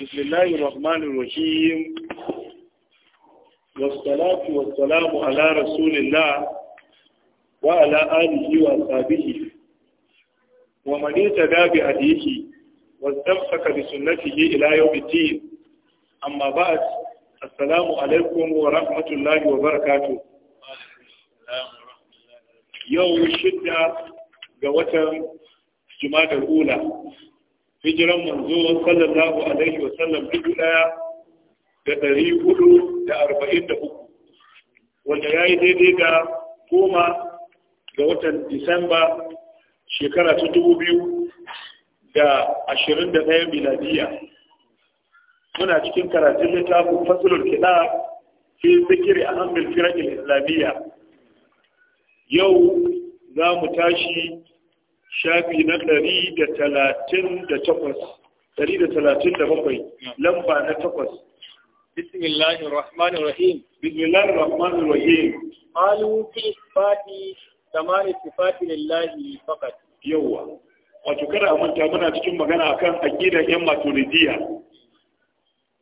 بسم الله الرحمن الرحيم والصلاة والسلام على رسول الله وعلى آله وصحبه ومن اهتدى بهديه واستمسك بسنته إلى يوم الدين أما بعد السلام عليكم ورحمة الله وبركاته يوم الشدة ga watan jumadar ula hijiran manzo sallallahu alaihi wa sallam duk daya da ɗari hudu da arba'in da uku wanda ya yi daidai ga goma ga watan disamba shekara ta dubu biyu da ashirin da ɗaya miladiya muna cikin karatun littafin fasulun kiɗa fi zikiri a hamil firar islamiyya yau za mu tashi shafi na ɗari da talatin da takwas ɗari da talatin da bakwai lamba na takwas bismillahir rahmanir rahim bismillahir rahmanir rahim qalu fi isbati tamani sifati lillahi faqat yawa wato kada a manta muna cikin magana a kan aqidar yan maturidiya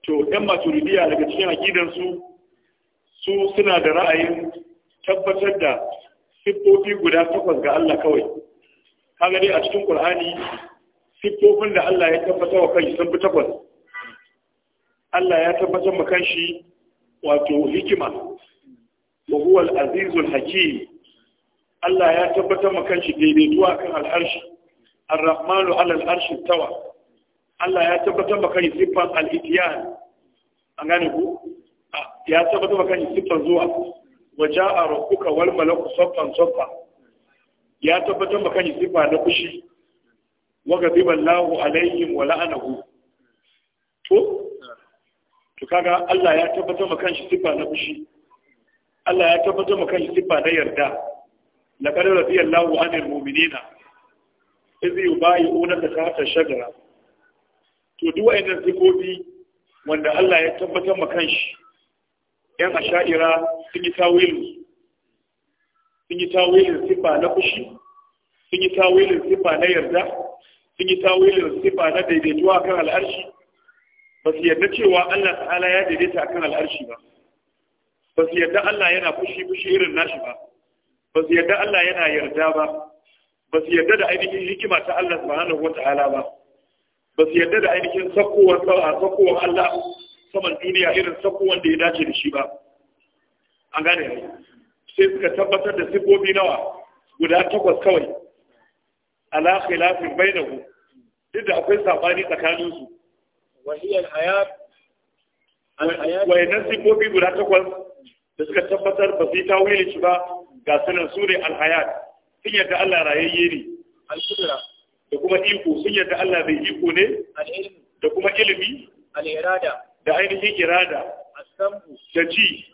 to yan maturidiya daga cikin aqidar su suna da ra'ayin tabbatar da siffofi guda takwas ga Allah kawai kaga dai a cikin Qur'ani siffofin da Allah ya tabbatar wa kai sun fi takwas Allah ya tabbatar ma shi wato hikima wa huwa al-azizul hakim Allah ya tabbatar ma shi daidaituwa kan al-arshi ar-rahmanu ala al-arshi tawa Allah ya tabbatar ma kanshi siffan al-itiyan an gane ku ya tabbatar ma kanshi siffan zuwa waja'a rabbuka wal malaku saffan saffa ya tabbatar maka ni sifa na fushi wa ghadiba lahu alaihim wa la'anahu to to kaga Allah ya tabbatar maka shi sifa na fushi Allah ya tabbatar maka shi sifa na yarda laqad radiyallahu 'anil mu'minina idh yubayyi'unaka tahta shajara to duk wa'annan sifofi wanda Allah ya tabbatar maka shi yan asha'ira sun yi tawilu sun yi tawilin sifa na fushi sun yi tawilin sifa na yarda sun yi tawilin sifa na daidaituwa kan al'arshi ba su yarda cewa Allah ta'ala ya daidaita akan al'arshi ba ba su yarda Allah yana fushi fushi irin nashi ba ba su yarda Allah yana yarda ba ba su yarda da ainihin hikima ta Allah subhanahu wata'ala ba ba su yarda da ainihin sakkowar sakkowar Allah saman duniya irin sakkowar da ya dace da shi ba an gane sai suka tabbatar da sifofi nawa guda takwas kawai ala khilafin bainahu duk da akwai sabani tsakanin su wa hayat sifofi guda takwas da suka tabbatar ba su yi tawilin shi ba ga sunan su ne alhayat sun yadda Allah rayayye ne da kuma iko sun yadda Allah bai iko ne da kuma ilimi da ainihin irada da ci,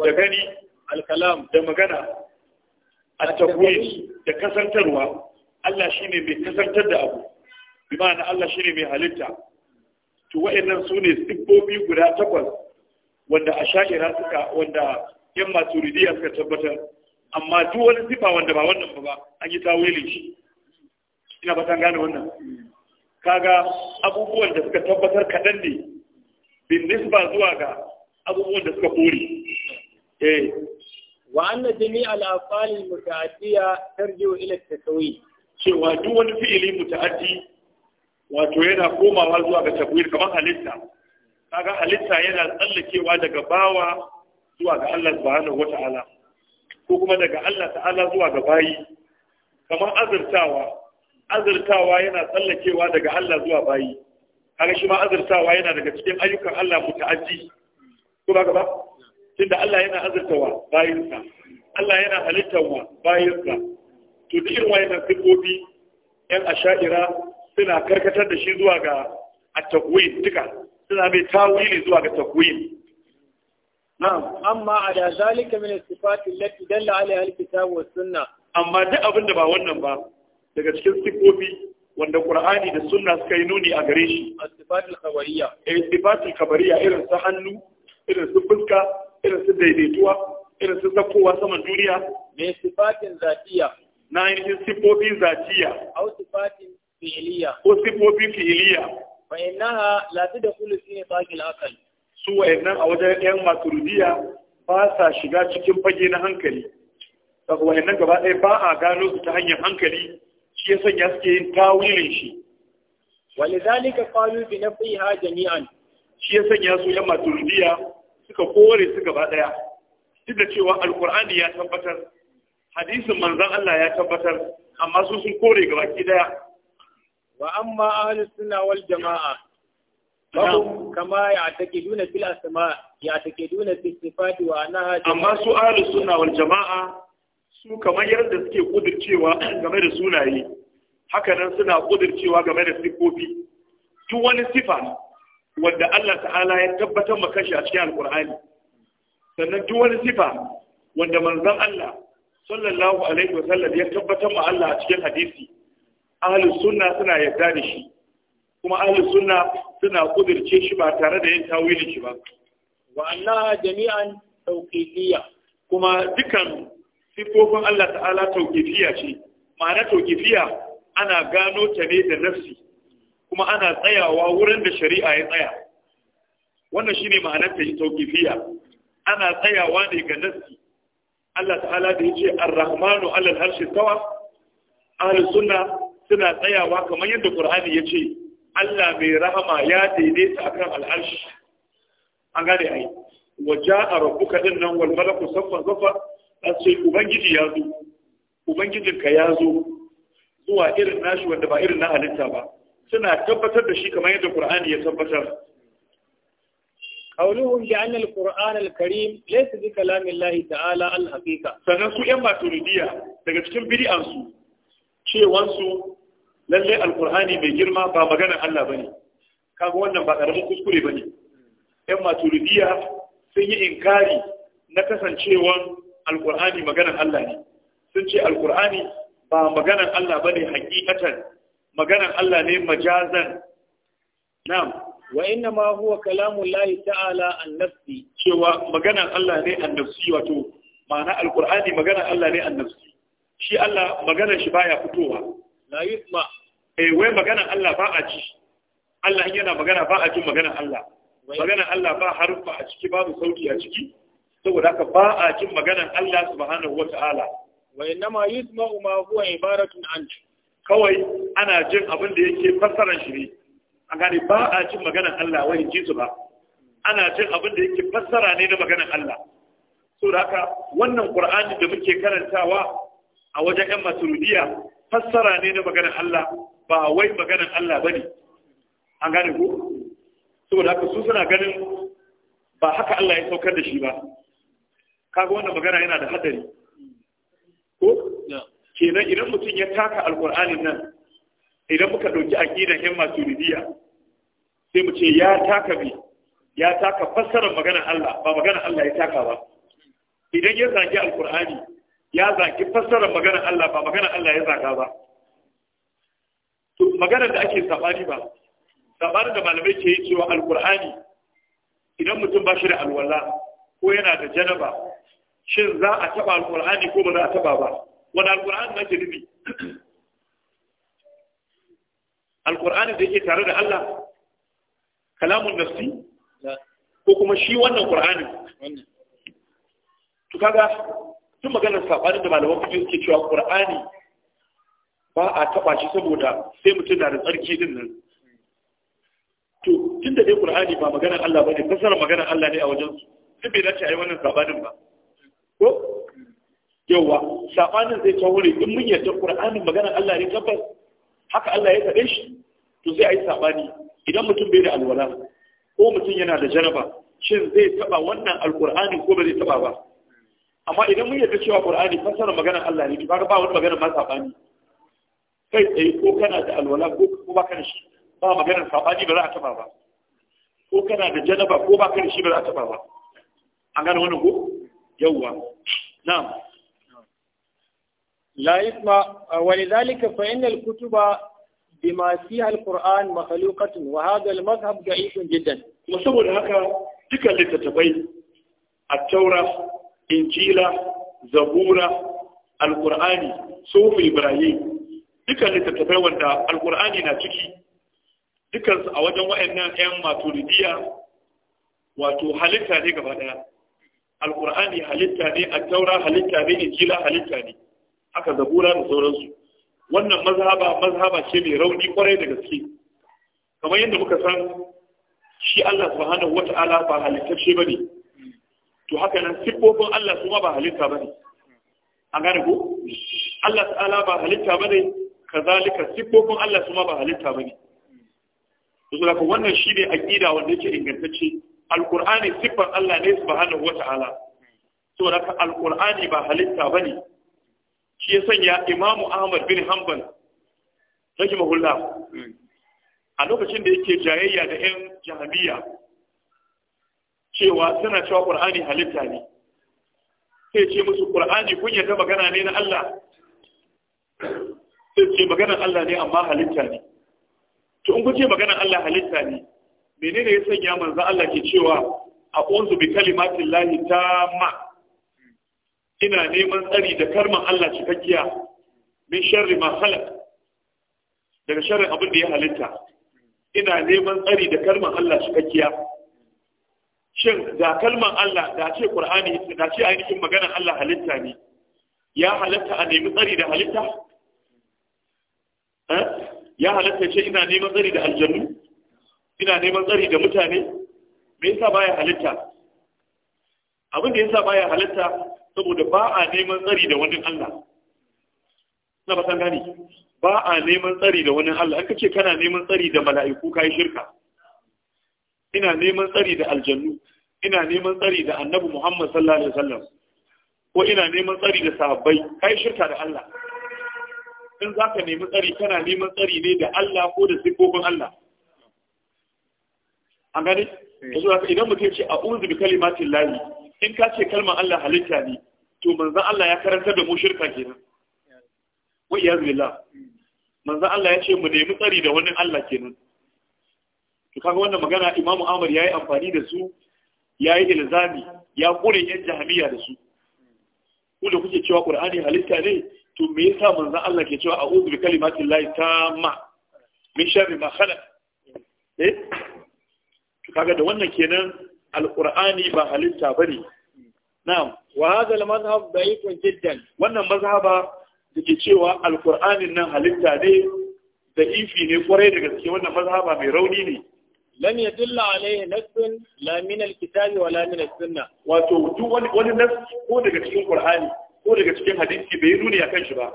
da gani alkalam da magana a takwir da kasantarwa Allah shi ne mai kasantar da abu bi ma'ana Allah ne mai halitta to wa'annan sune siffofi guda takwas wanda asha'ira suka wanda yan maturidiyya suka tabbatar amma duk wani sifa wanda ba wannan ba an yi tawilin shi ina ba san gane wannan kaga abubuwan da suka tabbatar kaɗan ne bin nisba zuwa ga abubuwan da suka kore eh wa anna jami'a al-af'al al-muta'addiya tarji'u cewa duk wani fi'ili muta'addi wato yana komawa zuwa ga kamar halitta kaga halitta yana tsallakewa daga bawa zuwa ga Allah subhanahu ko kuma daga Allah ta'ala kamar azurtawa azurtawa yana tsallakewa daga Allah zuwa bayi kaga shi yana daga cikin ayyukan Allah tunda Allah yana azurtawa bayinsa Allah yana halittawa bayinsa to duk irin wayannan sifofi yan asha'ira suna karkatar da shi zuwa ga at-takwin duka suna mai tawili zuwa ga takwin na'am amma ada zalika min as-sifati allati dalla alaiha al-kitab was amma duk abin da ba wannan ba daga cikin sifofi wanda Qur'ani da Sunna suka yi nuni a gare shi as-sifatul khabariyya eh sifatul khabariyya irin su hannu irin su fuska irin su daidaituwa irin su sakowa saman duniya mai sifatin zatiya na ainihin sifofin zatiya au sifatin fi'iliya ko sifofin fi'iliya fa da la tadkhulu fi nifaqil aql su wa'annan a wajen yan rudiya ba sa shiga cikin fage na hankali daga wa'annan gaba ɗaya ba a gano su ta hanyar hankali shi ya sanya suke yin tawilin shi walidhalika qalu bi nafiha jami'an shi ya sanya su yan maturidiya suka kore su gaba daya duk da cewa alkur'ani ya tabbatar hadisin manzon Allah ya tabbatar amma su sun kore gaba ki daya wa amma ahli sunna wal jamaa fahum kama ya'taqiduna fil asma ya'taqiduna fi sifati wa anaha amma su ahli sunna wal jamaa su kamar yadda suke kudircewa game da sunaye haka nan suna kudircewa game da sifofi duk wani sifa wanda Allah ta'ala ya tabbatar maka shi a cikin alkur'ani sannan duk wani sifa wanda manzon Allah sallallahu alaihi wa sallam ya tabbatar ma Allah a cikin hadisi ahlus sunna suna yarda da shi kuma ahlus sunna suna kudirce shi ba tare da yin tawilin shi ba wa annaha jami'an tawqifiyya kuma dukan sifofin Allah ta'ala tawqifiyya ce ma'ana tawqifiyya ana gano ta ne da nafsi kuma ana tsayawa wurin da shari'a ya tsaya wannan shine ma'anar ta yi tauƙifiya ana tsayawa ne ga nassi Allah ta'ala da yace ar-rahmanu 'ala al-arshi tawa ahli sunna suna tsayawa kamar yadda qur'ani yace Allah mai rahama ya daidaita akan al-arshi an gane ai waja'a rabbuka dinnan wal malaku saffan saffa sai ubangiji ya zo ubangijinka ya zo zuwa irin nashi wanda ba irin na halitta ba suna tabbatar da shi kamar yadda Qur'ani ya tabbatar قولهم بأن karim الكريم ليس بكلام الله تعالى الحقيقة sannan su ƴan maturidiyya daga cikin bid'ansu cewansu lalle alqur'ani mai girma ba maganar Allah bane kaga wannan ba karamin kuskure bane ƴan maturidiyya sun yi inkari na kasancewan alqur'ani maganar Allah ne sun ce alqur'ani ba maganar Allah bane hakikatan maganan Allah ne majazan na'am wa ina ma huwa kalamun lahi ta'ala an nafsi cewa maganan Allah ne an nafsi wato ma'ana alqur'ani maganan Allah ne an nafsi shi Allah maganar shi baya fitowa Na yi yusma eh wai maganan Allah ba a ci? Allah yana magana ba a jin maganan Allah maganan Allah ba harfa a ciki babu sauti a ciki saboda haka ba a cin maganan Allah subhanahu wata'ala wa ina ma yusma ma huwa ibaratun anhu kawai ana jin abin da yake fassaran shi ne an gane ba a cin maganar Allah wai ji su ba ana jin abin da yake fassara ne na maganar Allah so da haka wannan Qur'ani da muke karantawa a wajen ƴan Maturidiyya fassara ne na maganar Allah ba wai maganar Allah bane an gane ko da haka su suna ganin ba haka Allah ya saukar da shi ba kaga wannan magana yana da hadari ko kenan idan mutum ya taka alkur'anin nan idan muka ɗauki aƙidan yan ribiya sai mu ce ya taka bi ya taka fassarar maganar Allah ba maganar Allah ya taka ba idan ya zagi alkur'ani ya zagi fassarar maganar Allah ba maganar Allah ya zaka ba to maganar da ake sabani ba sabanin da malamai ke yi cewa alkur'ani idan mutum ba shi da alwala ko yana da janaba shin za a taba alkur'ani ko ba za a taba ba wani alkur'ani na ke nufi alkur'ani da yake tare da Allah kalamun nafsi ko kuma shi wannan qur'ani to kaga tun maganar sabanin da malaman fiqh suke cewa qur'ani ba a taba shi saboda sai mutum na da tsarki din nan to da dai ƙur'ani ba maganar Allah ba ne, fasara maganar Allah ne a wajen su duk bai dace a yi wannan sabanin ba ko yauwa sabanin zai ta wuri in mun yarda qur'anin maganar Allah ne tabbas haka Allah ya faɗe shi to sai ayi sabani idan mutum bai da alwala ko mutum yana da jaraba shin zai taba wannan alqur'ani ko ba zai taba ba amma idan mun yarda cewa qur'ani fasara maganar Allah ne to kaga ba wani magana ma sabani kai tsaye ko kana da alwala ko ba kana shi ba maganar sabani ba za a taba ba ko kana da janaba ko ba kana shi ba za a taba ba an gane wannan ko yawwa na'am لا يسمع ولذلك فإن الكتب بما فيها القرآن مخلوقة وهذا المذهب ضعيف جدا وسبب هكا تلك لتتبين التوراة إنجيلة زبورة القرآن سوف إبراهيم dukkan littattafai wanda alkur'ani na ciki dukansu a wajen wa'annan 'yan maturidiya wato halitta ne gaba daya alkur'ani halitta ne attaura halitta ne injila halitta ne aka zabura da sauransu wannan mazhaba mazhaba ce mai rauni kwarai da gaske kamar yadda muka san shi Allah subhanahu wata'ala ba halittacce bane to haka nan siffofin Allah kuma ba halitta bane an gane ko Allah ta'ala ba halitta bane kazalika siffofin Allah kuma ba halitta bane to saboda wannan shi ne aqida wanda yake ingantacce alqur'ani siffan Allah ne subhanahu wata'ala saboda alqur'ani ba halitta bane shi ya sanya imamu ahmad bin hanbal mahulla a lokacin da yake jayayya da yan jahabiya cewa suna cewa qur'ani halitta ne sai ce musu qur'ani kun yarda magana ne na Allah sai ce maganar Allah ne amma halitta ne to in kuce maganar Allah halitta ne menene ya sanya manzo Allah ke cewa a unzu bi kalimatin lahi tamma ina neman tsari da karman Allah cikakkiya min sharri ma halak daga sharri abin da ya halitta ina neman tsari da karman Allah cikakkiya shin da kalman Allah da ce Qur'ani da ce ainihin maganar Allah halitta ne ya halatta a nemi tsari da halitta eh? ya halatta ce ina neman tsari da aljannu ina neman tsari da mutane me yasa baya halitta abin da yasa baya halatta saboda ba a neman tsari da wani Allah na ba san gani ba a neman tsari da wani Allah an kace kana neman tsari da mala'iku kai shirka ina neman tsari da aljannu ina neman tsari da annabi Muhammad sallallahu alaihi wasallam ko ina neman tsari da sahabbai kai shirka da Allah in zaka nemi tsari kana neman tsari ne da Allah ko da sifofin Allah an gani eh. yanzu idan mutum ce a'udhu bi kalimatin lahi in ka ce kalmar Allah halitta ne to manzan Allah ya karanta da mu shirka kenan wa iyaz billah manzan Allah ya ce mu nemi tsari da wani Allah kenan to kaga wannan magana Imam Ahmad yayi amfani da su yayi ilzami ya kure yan jahmiya da su ku da kuke cewa Qur'ani halitta ne to me yasa manzan Allah ke cewa a'udhu bi kalimatin lahi tamma min sharri ma khalaq eh to kaga da wannan kenan alqur'ani ba halitta ba ne. na'am wa hadha al-madhhab da'ifun jiddan wannan mazhaba ke cewa alqur'anin nan halitta ne da ifi ne kwarai da gaske wannan mazhaba mai rauni ne lam yadilla alayhi nassun laminal kitabi wa la sunna. wato duk wani wani ko daga cikin qur'ani ko daga cikin hadisi bai nuni akan shi ba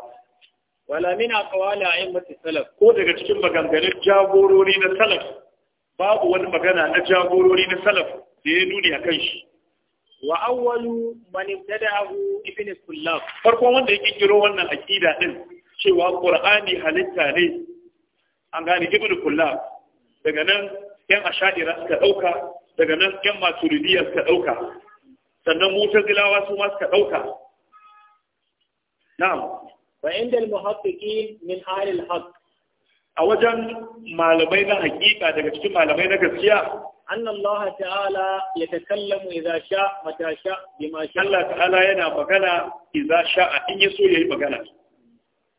wala min aqwali a'immati salaf ko daga cikin maganganun jagorori na salaf babu wani magana na jagorori na salaf Da ya nuni akan shi wa awwalu man ibtada'ahu ibn kullab farkon wanda ya kirkiro wannan aqida din cewa qur'ani halitta ne an gane ibn kullab daga nan yan ashadira suka dauka daga nan yan maturidiyya suka dauka sannan mutazilawa su ma suka dauka na'am wa inda al-muhaqqiqin min ahli al a wajen malamai na hakika daga cikin malamai na gaskiya أن الله تعالى يتكلم إذا شاء متى شاء بما شاء الله تعالى ينا مغانا إذا شاء إن يسو يهي مغانا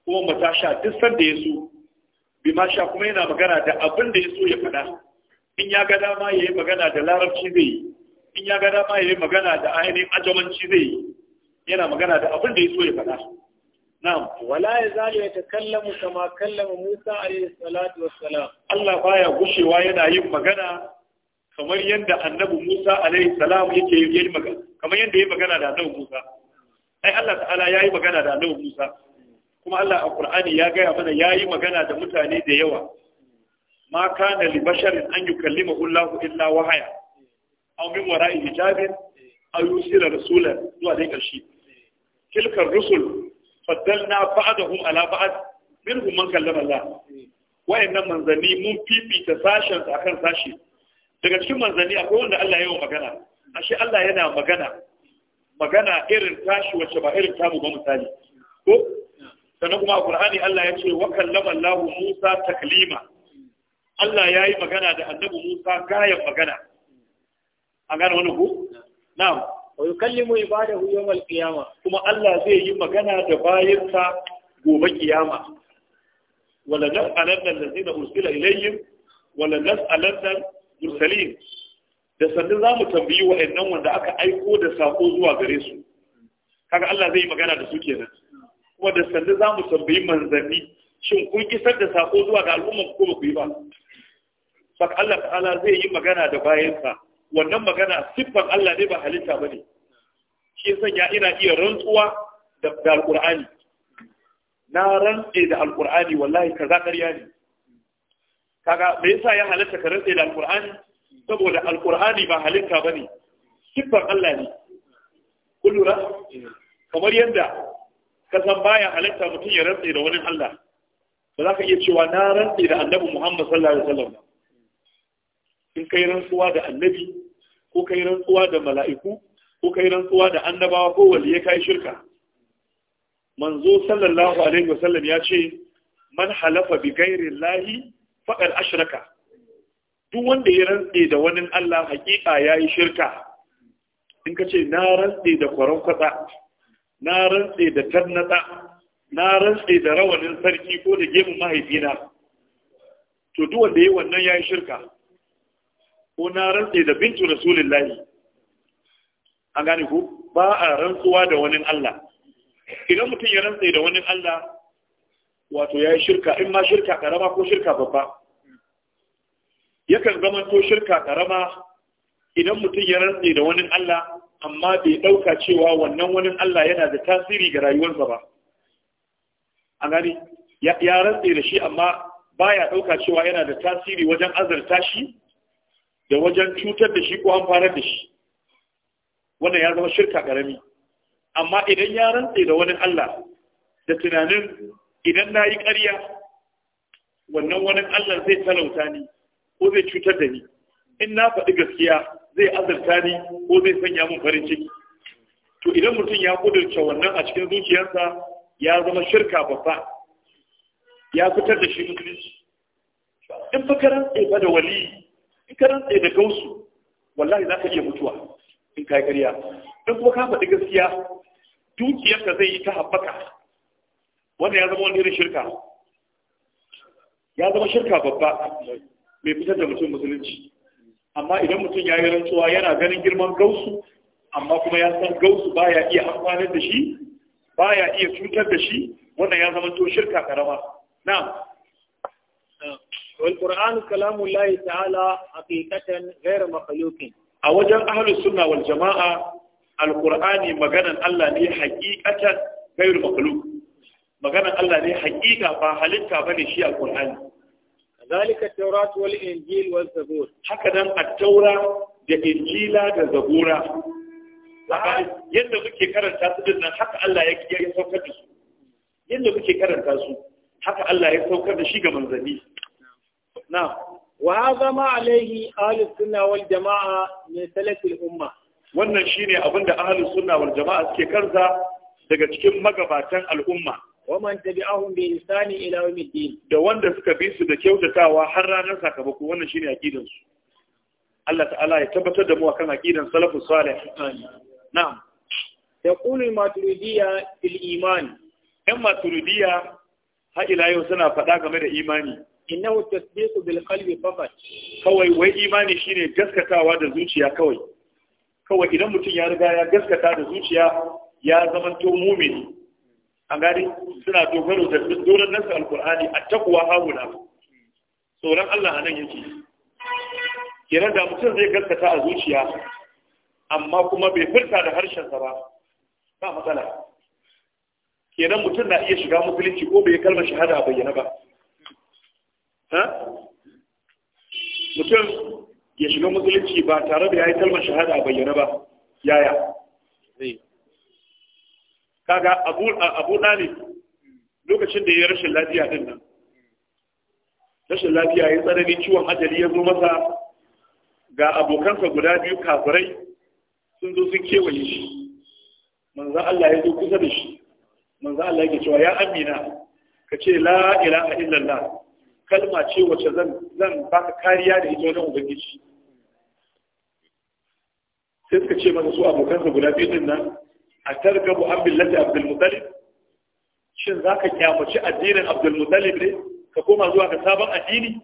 هو متى شاء تسد يسو بما شاء كما ينا مغانا دا أبن دي يسو يفنا إن يا ما يهي مغانا دا لارب شيزي إن يا ما يهي مغانا دا آيني أجمن شيزي ينا مغانا دا أبن دي يسو يفنا نعم ولا يزال يتكلم كما كلم موسى عليه الصلاة والسلام الله فايا غشي وينا يم مغانا kamar yadda annabi Musa alaihi salam yake yi magana kamar yadda yake magana da annabi Musa ai Allah ta'ala yayi magana da annabi Musa kuma Allah a Qur'ani ya gaya mana yayi magana da mutane da yawa ma kana li basharin an yukallima Allah illa wahaya aw min wara'i hijabin aw yusira rasulan zuwa dai karshe tilkar rusul faddalna ba'dahum ala ba'd minhum man kallama Allah wa'annan manzanni mun fifita sashen akan sashi daga cikin manzanni akwai wanda Allah ya yi magana ashe Allah yana magana magana irin tashi wacce ba irin tamu ba misali ko sannan kuma a Qur'ani Allah ya ce wa kallama Allah Musa taklima Allah ya yi magana da annabi Musa gayan magana an gane wani ku na'am wa yukallimu ibadahu yawmal qiyamah kuma Allah zai yi magana da bayinsa gobe kiyama wala nas'alanna allazina ursila ilayhim wala nas'alanna mursalin da sannan za mu tambayi wa'annan wanda aka aiko da sako zuwa gare su kaga Allah zai magana da su kenan kuma da sannan za mu tambayi manzanni shin kun isar da sako zuwa ga al'umma ko ba ku yi ba saka Allah ta'ala zai yi magana da bayansa wannan magana siffan Allah ne ba halitta bane shi san ya ina iya rantsuwa da alqur'ani na rantse da alqur'ani wallahi kaza ƙarya ne kaga me yasa ya halatta ka rantse da alqur'ani saboda alqur'ani ba halitta bane sifar Allah ne kullura kamar yadda ka san baya halitta mutum ya rantse da wani Allah ba za ka iya cewa na rantse da annabi Muhammad sallallahu alaihi wasallam in kai rantsuwa da annabi ko kai rantsuwa da mala'iku ko kai rantsuwa da annabawa ko waliyai kai shirka manzo sallallahu alaihi wasallam ya ce man halafa bi ghairi llahi faɗar ashirka duk wanda ya rantse da wani Allah hakika ya yi shirka in ka ce na rantse da kwaron kwatsa na rantse da tarnatsa na rantse da rawanin sarki ko da gemun mahaifina to duk wanda ya yi wannan ya yi shirka ko na rantse da bintu rasulillahi an gane ku ba a rantsuwa da wani Allah idan mutum ya rantse da wani Allah wato ya yi shirka in ma shirka ƙarama ko shirka babba yakan zamanto shirka ƙarama idan mutum ya rantse da wani Allah amma bai ɗauka cewa wannan wani Allah yana da tasiri ga rayuwarsa ba a gani ya rantse da shi amma baya ɗauka cewa yana da tasiri wajen azarta shi da wajen cutar da shi ko amfanar da shi wannan ya zama shirka ƙarami amma idan ya rantse da wani Allah da tunanin idan na yi ƙarya wannan wani Allah zai talauta ni ko zai cutar da ni in na faɗi gaskiya zai azarta ni ko zai sanya min farin ciki to idan mutum ya kudurce wannan a cikin zuciyarsa ya zama shirka babba ya fitar da shi musulunci in fa karan ba da wali in karan tsaye da gausu wallahi za ka iya mutuwa in ka yi ƙarya in kuma ka faɗi gaskiya dukiyarka zai yi ta haɓaka wanda ya zama wani irin shirka ya zama shirka babba mai fitar da mutum musulunci amma idan mutum ya yi rantsuwa yana ganin girman gausu amma kuma ya san gausu ba ya iya amfanar da shi ba ya iya cutar da shi wannan ya zama to shirka karama na'am والقرآن كلام الله تعالى حقيقة غير مخلوق أوجه أهل السنة والجماعة القرآن مجانا الله حقيقة غير مخلوق maganar Allah ne haƙiƙa ba halitta ba ne shi a alƙur'ani zalika taurat wal injil wal zabur haka nan a taura da injila da zabura ah. yadda muke karanta su din nan haka Allah ya ya saukar da su yadda muke karanta su haka Allah ya saukar da shi ga manzanni na wa hadha alaihi ahlus sunna wal jamaa min salaf umma wannan shine abinda ahlus sunna wal jamaa suke karza daga cikin magabatan al'umma ومن تبعهم بإحسان إلى يوم الدين da wanda suka bi su da kyautatawa har ranar sakamako wannan shine aqidan su Allah ta'ala ya tabbatar da mu akan aqidan salafus salih na'am yaqulu maturidiyya fil iman yan maturidiyya har ila yau suna faɗa game da imani innahu tasdiqu bil qalbi faqat kawai wai imani shine gaskatawa da zuciya kawai kawai idan mutum ya riga ya gaskata da zuciya ya zama to mumini an gani suna dogaro da doron nasu alkur'ani a takuwa hahuna tsoron Allah a nan yake kenan da mutum zai gaskata a zuciya amma kuma bai furta da harshensa ba ba matsala kenan mutum na iya shiga musulunci ko bai kalmar shahada a bayyana ba mutum ya shiga musulunci ba tare da ya yi kalmar shahada a bayyana ba yaya kaga abu abu dalib lokacin da ya rashin lafiya din nan rashin lafiya ya tsanani ciwon ajali ya zo masa ga abokansa guda biyu kafirai sun zo sun kewaye shi manzo Allah ya zo kusa da shi manzo Allah yake cewa ya amina ka ce la ilaha illallah kalma ce wacce zan zan baka kariya da ita wajen ubangiji sai suka ce masa su abokansa guda biyu din nan a targabu an billati abdul mutalib shin zaka kyamaci addinin abdul mutalib ne ka koma zuwa ga sabon addini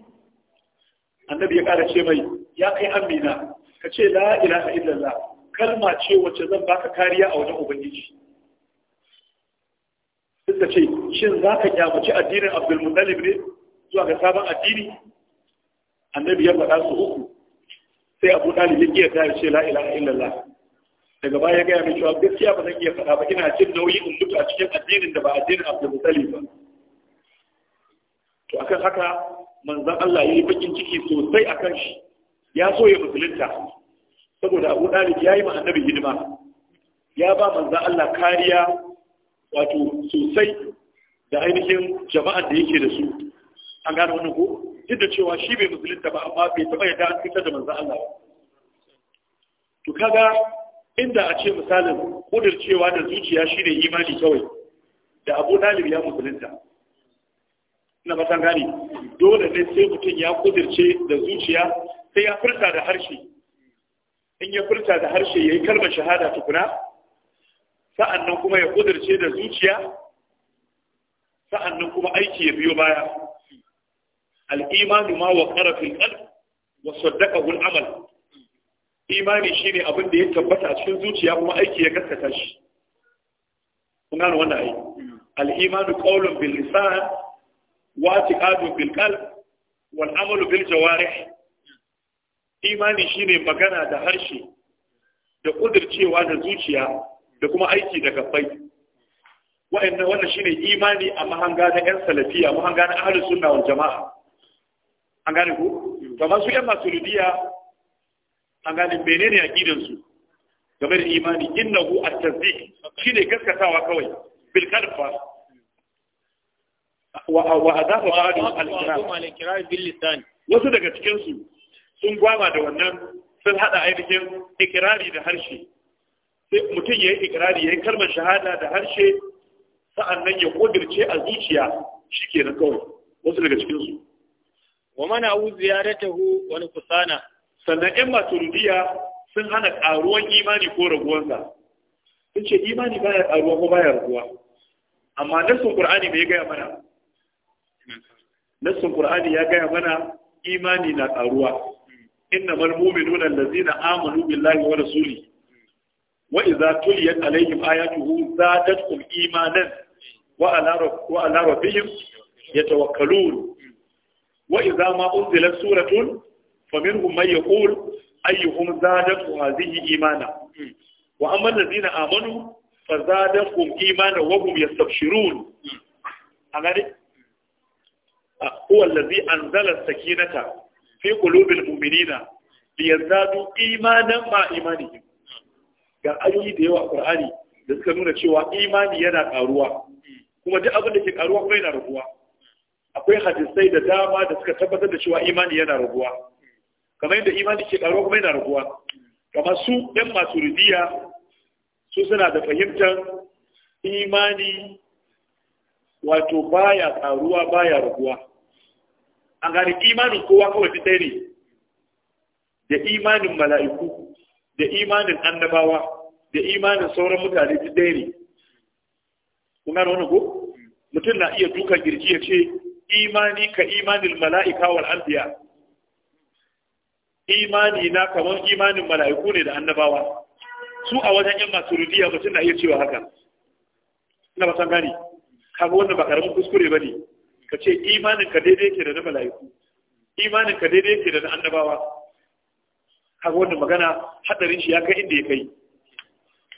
annabi ya kara ce mai ya kai amina ka ce la ilaha illallah kalma ce wacce zan baka kariya a wajen ubangiji suka ce shin zaka kyamaci addinin abdul mutalib ne zuwa ga sabon addini annabi ya faɗa su uku sai abu ɗalibin ya kiyata ya ce la ilaha illallah daga baya gaya mai cewa gaskiya ba zan iya faɗa ba ina jin nauyi in mutu a cikin addinin da ba addinin abdulmutsali ba to akan haka manzan Allah ya yi bakin ciki sosai a kan shi ya so ya musulunta saboda abu ya yi ma annabi hidima ya ba manzan Allah kariya wato sosai da ainihin jama'ar da yake da su an gane wani ko duk da cewa shi bai musulunta ba amma bai taɓa yadda an fitar da manzan Allah ba to kaga inda a ce misalin kudircewa da zuciya shi ne imani kawai da abu talib ya musulunta na matan gani dole ne sai mutum ya kudirce da zuciya sai ya furta da harshe in ya furta da harshe ya yi kalmar shahada tukuna sa'annan kuma ya kudirce da zuciya sa'annan kuma aiki ya biyo baya al'imanu ma wa ƙarafin ƙalb wa saddaka amal imani ne abin da ya tabbata a cikin zuciya kuma aiki ya gaskata shi kun gano wannan ayi al-imanu qawlun bil lisan wa Wal'amalu bil qalb wal amalu bil jawarih imani magana da harshe da kudircewa da zuciya da kuma aiki da gabbai wa'annan wannan ne imani a mahanga na yan salafiya mahanga na ahlus sunna wal jamaa an gane ku to su yan masulidiya an gane menene aqidan su game da imani innahu at-tasdiq shine gaskatawa kawai bil qalb wa wa adafu al-ikrar bil lisan wasu daga cikin su sun gwama da wannan sun hada ainihin ikirari da harshe sai mutum ya yi ikirari ya kalmar shahada da harshe sa'annan ya kudirce a zuciya shi ke na kawai wasu daga su wa mana abu ziyaratahu wani kusana sannan yan maturidiya sun hana ƙaruwan imani ko raguwansa sun ce imani baya ƙaruwa ko baya raguwa amma nassun ƙur'ani bai gaya mana nassun ƙur'ani ya gaya mana imani na ƙaruwa innamal mu'minuna allazina amanu billahi wa rasulihi wa idza tuliyat alaihim ayatuhu zadatkum imanan wa ala wa ala rabbihim yatawakkalun wa iza ma unzilat suratun فمنهم من يقول ayyuhum زادت هذه imana wa amma allazina amanu fazadatuhum وهم يستبشرون hum yastabshirun a gani huwa allazi anzala sakinata fi qulubil mu'minina liyazdadu ga ayoyi da yawa a Qur'ani da suka nuna cewa imani yana karuwa kuma duk abin da ke karuwa kuma yana raguwa akwai hadisai da dama da suka tabbatar da cewa imani yana raguwa kamar yadda imani ke ƙaruwa kuma yana raguwa kamar su ɗan maturidiya su suna da fahimtar imani wato baya ƙaruwa baya raguwa an gani imanin kowa kawai ta ne da imanin mala'iku da imanin annabawa da imanin sauran mutane ta ne kun da wani ko mutum na iya dukan girji ya ce imani ka imanin mala'ika wal anbiya imani na kamar imanin mala'iku ne da annabawa su a wajen yan maturidiya mutum na iya cewa haka na ba san gani kaga wannan ba karamin kuskure ba ne ka ce imanin ka daidai yake da na mala'iku imanin ka daidai yake da na annabawa kaga wannan magana hadarin shi ya kai inda ya kai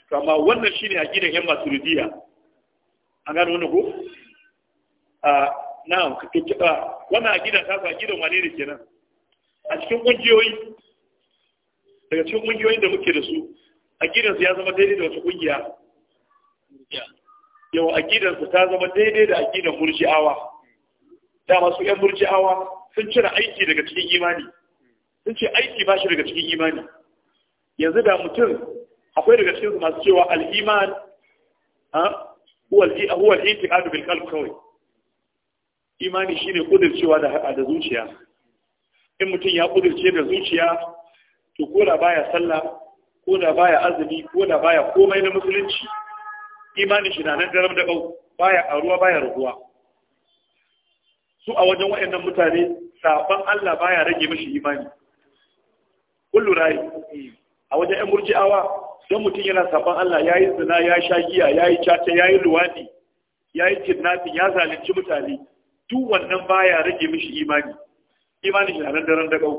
to amma wannan shine gidan yan maturidiya an gano wannan ko a ah, na'am kike wannan aqidan ka gidan wane ne kenan a cikin ƙungiyoyi daga cikin ƙungiyoyin da muke da su gidansu ya zama daidai da wasu ƙungiya yau gidansu ta zama daidai da aƙidan murji'awa Da masu 'yan murji'awa sun cire aiki daga cikin imani sun ce aiki ba shi daga cikin imani yanzu da mutum akwai daga cikinsu masu cewa al'iman huwa al'itiƙadu bil kalb kawai imani shine cewa da zuciya in mutum ya kudirce da zuciya to ko da baya sallah ko da baya azumi ko da baya komai na musulunci imanin shi na nan garam da bau baya aruwa baya ruwa su a wajen wayannan mutane saban Allah baya rage mishi imani kullu rai a wajen ɗan murji'awa don mutum yana saban Allah ya yi zina ya sha giya ya yi caca ya yi luwadi ya yi kidnapping ya zalunci mutane duk wannan baya rage mishi imani imanin shi a nan daren dagau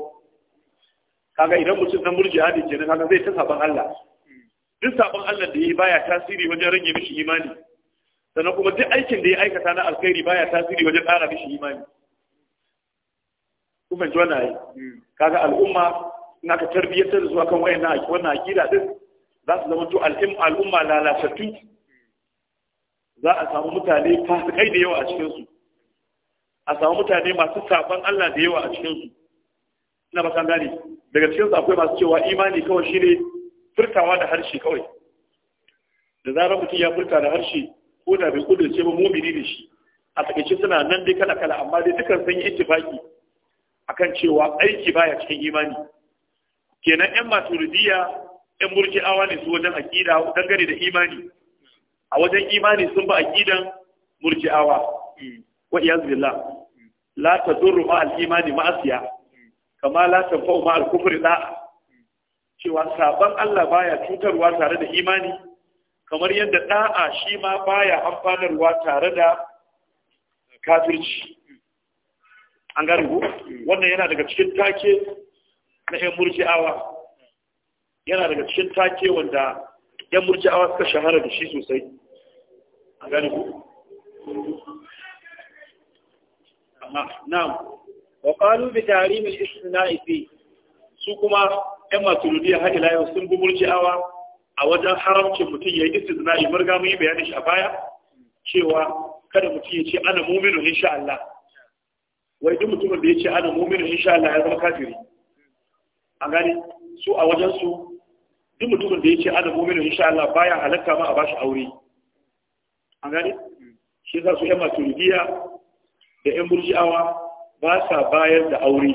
kaga idan mutum na murji hadi nan kaga zai ta saban Allah duk saban Allah da yayi baya tasiri wajen rage mishi imani sannan kuma duk aikin da ya aikata na alkhairi baya tasiri wajen ƙara mishi imani kuma ji wannan ai hmm. kaga al'umma in aka da zuwa kan wayannan wannan aqida din za su zama to al'umma lalatattu za a samu mutane fasikai da yawa a cikin su a samu mutane masu saban Allah da yawa a cikinsu ina ba san gane daga cikinsu akwai masu cewa imani kawai shine furtawa da harshe kawai da zarar mutum ya furta da harshe ko da bai ce ba mumini da shi a takaice suna nan dai kala kala amma dai dukan sun yi ittifaki akan cewa aiki baya cikin imani kenan yan maturidiyya yan murji'awa ne su wajen aqida dangane da imani a wajen imani sun ba aqidan murji'awa wa iyaz billah la tadurru ma al-imani ma'asiya kama la tanfa'u ma al-kufri da'a cewa sabon Allah baya cutarwa tare da imani kamar yadda da'a shi ma baya amfanarwa tare da kafirci an gane ku wannan yana daga cikin take na yan murji'awa yana daga cikin take wanda yan murji'awa suka shahara da shi sosai an gane ku na'am wa qalu bi tahrim al-istina'i fi su kuma ɗan maturidiyya har ila yau sun gumurci awa a wajen haramcin mutum ya yi istina'i mun riga mun yi bayanin shi a baya cewa kada mutum ya ce ana muminu insha Allah wai duk mutumin da ya ce ana muminu insha Allah ya zama kafiri A gani. su a wajen su duk mutumin da ya ce ana muminu insha Allah baya halatta ma a bashi aure A gani. shi za su yan maturidiya da yan murji'awa ba sa bayar da aure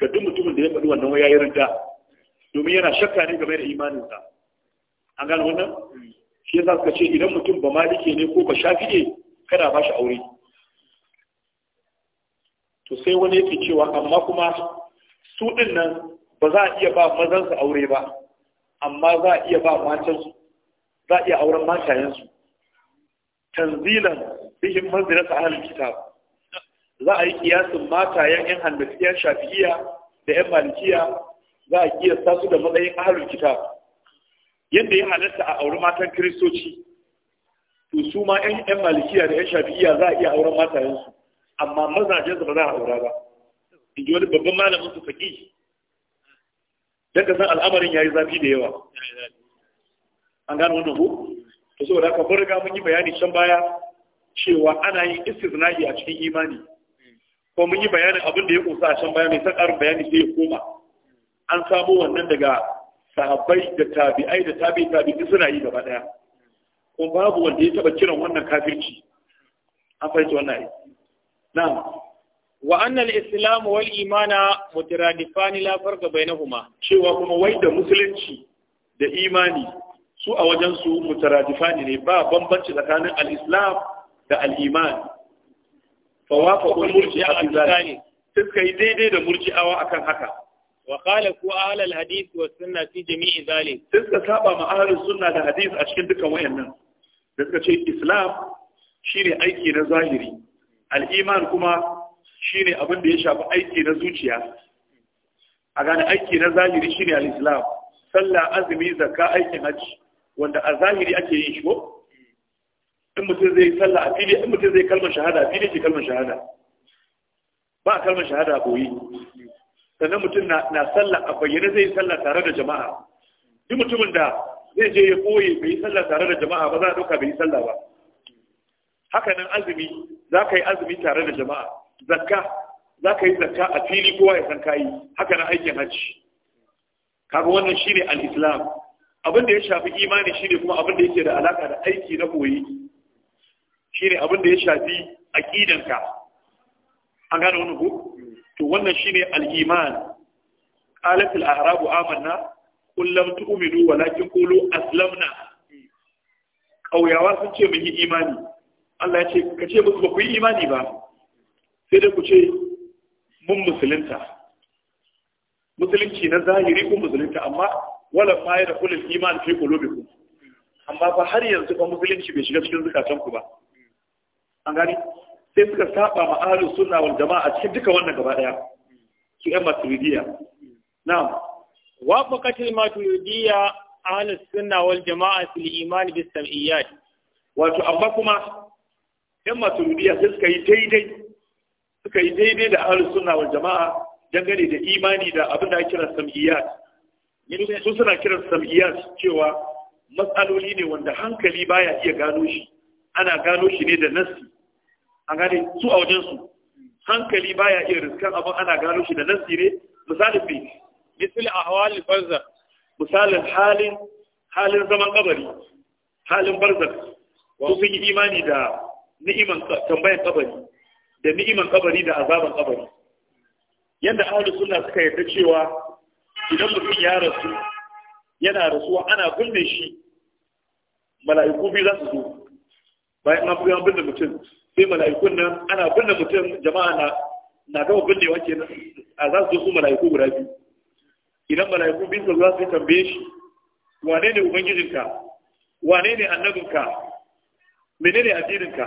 ga duk mutumin da ya faɗi wannan ya yi domin yana shakka ne game da imaninsa an gano wannan shi ya suka ce idan mutum ba malike ne ko ba shafi'e kada ba shi aure to sai wani yake cewa amma kuma su ɗin nan ba za a iya ba mazansu aure ba amma za a iya ba matansu za a iya auren matayensu tanzilan bihin manzilata halin kitab za a yi kiyasin matayen yan hannafiya shafiya da yan malikiya za a kiyasta su da matsayin ahalun kitab yadda ya halatta a auri matan kiristoci to su ma yan malikiya da yan shafiya za a iya auren matayensu amma mazajensu ba za a aura ba in ji wani babban malamin su faƙi don ka san al'amarin ya yi zafi da yawa an gano wannan ko to saboda haka mun riga mun yi bayani can baya cewa ana yin istisna'i a cikin imani ko mun yi bayanin abin da ya kusa a can baya mai sakarin bayani sai ya koma an samu wannan daga sahabbai da tabi'ai da tabi tabi suna yi gaba daya ko babu wanda ya taba kiran wannan kafirci an fahimci wannan ne na'am wa anna al-islam wal imana mutaradifan la farqa bainahuma cewa kuma wai da musulunci da imani su a wajen su mutaradifan ne ba bambanci tsakanin al-islam da al-imani fawafaqul murji'a a zani suka yi daidai da a akan haka Wakala qala a ahlul hadith wa sunna fi jami'i zalik suka saba ma ahlus sunna da hadis a cikin dukan wayannan da suka ce islam shine aiki na zahiri al kuma shine abin da ya shafi aiki na zuciya a gane aiki na zahiri shine al-islam sallah azumi zakka aikin hajji wanda a zahiri ake yin shi ko in mutum zai sallah a fili in mutum zai kalmar shahada a fili ce kalmar shahada ba a kalmar shahada a boye sannan mutum na sallah a bayyane zai yi sallah tare da jama'a duk mutumin da zai je ya boye bai yi sallah tare da jama'a ba za a ɗauka bai yi sallah ba haka nan azumi za ka yi azumi tare da jama'a zakka za ka yi zakka a fili kowa ya san kayi haka nan aikin hajji kaga wannan shine al-islam abin da ya shafi imani shine kuma abin da yake da alaka da aiki na koyi shine abin da ya shafi aqidanka an gane wannan ku to wannan shine al-iman qalat al-a'rab amanna qul lam tu'minu walakin qulu aslamna Ƙauyawa sun ce mun yi imani Allah ya ce ka ce musu ba ku yi imani ba sai dai ku ce mun musulunta musulunci na zahiri kun musulunta amma wala ma ya da kullu iman fi qulubikum amma ba har yanzu ba musulunci bai shiga cikin zukatanku ba an gani sai suka saba ma ahlus sunna wal jama'a cikin duka wannan gaba daya su yan maturidiya na'am wafaqat al maturidiya ahlus sunna wal jama'a fil iman bis sam'iyyat wato amma kuma yan maturidiya sai suka yi daidai suka yi daidai da ahlus sunna wal jama'a dangane da imani da abin da ake kira sam'iyyat su suna kiran sam'iyyat cewa matsaloli ne wanda hankali baya iya gano shi ana gano shi ne da nassi an gane su a wajensu hankali baya iya riskan abin ana gano shi da nan tsire, misalin bi misali a hawalin barzak misalin halin halin zaman kabari halin barzak ko sun yi imani da ni'iman tambayan kabari da ni'iman kabari da azaban kabari Yadda ahlus sunna suka yarda cewa idan mutum ya rasu yana rasuwa ana binne shi mala'iku biyu za su zo bayan an binne mutum sai mala'ikun nan ana binne mutum jama'a na na gama binne kenan a za su su mala'iku guda biyu idan mala'iku biyu su za su tambaye shi wane ne ubangijinka wane ne annabinka menene addininka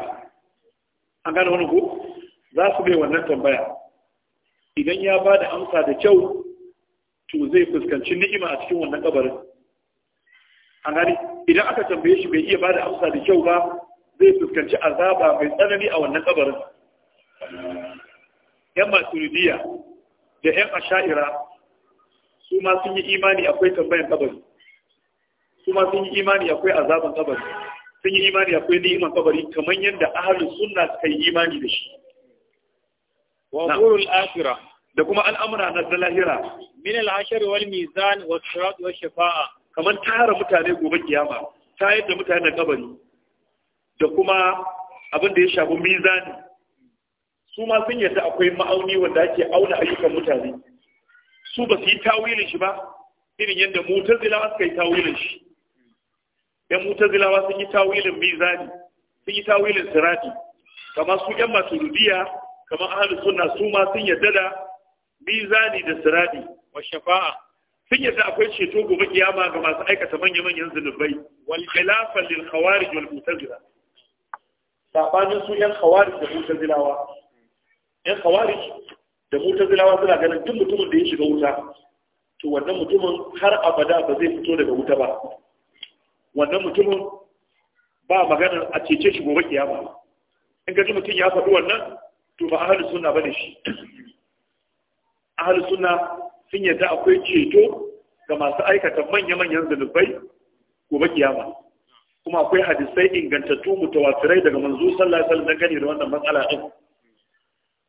an gane wani ko za su bai wannan tambaya idan ya ba da amsa da kyau to zai fuskanci ni'ima a cikin wannan kabarin an gane idan aka tambaye shi bai iya ba da amsa da kyau ba zai fuskanci azaba mai tsanani a wannan kabarin yan maturidiya da yan asha'ira su ma sun yi imani akwai tambayan kabari su ma sun yi imani akwai azaban kabari sun yi imani akwai ni'iman kabari kamar yadda ahalin suna suka yi imani da shi wa qulul da kuma al'amura na zalahira. min al wal mizan wa sirat wa shafa'a kamar tara mutane gobe kiyama ta yadda mutane na kabari da kuma abin da ya shafi mizani su ma sun yarda akwai ma'auni wanda ake auna ayyukan mutane su ba su yi tawilin shi ba irin yadda zilawa suka yi tawilin shi yan zilawa sun yi tawilin mizani sun yi tawilin sirati Kama su yan rubiya kamar ahlus suna, su ma sun yadda da mizani da sirati wa shafa'a sun yadda akwai ceto gobe kiyama ga masu aikata manya-manyan zunubai wal khilafa lil khawarij wal mutazila sabanin su yan kawari da zilawa yan kawari da zilawa suna ganin duk mutumin da ya shiga wuta to wannan mutumin har abada ba zai fito daga wuta ba wannan mutumin ba magana a cece shi gobe kiyama in ga mutum ya faɗi wannan to ba suna sunna bane shi ahlus sunna sun yadda akwai ceto ga masu aikata manya-manyan zanubai gobe kiyama kuma akwai hadisai ingantattu mutawatirai daga manzo sallallahu alaihi wasallam gani da wannan matsala din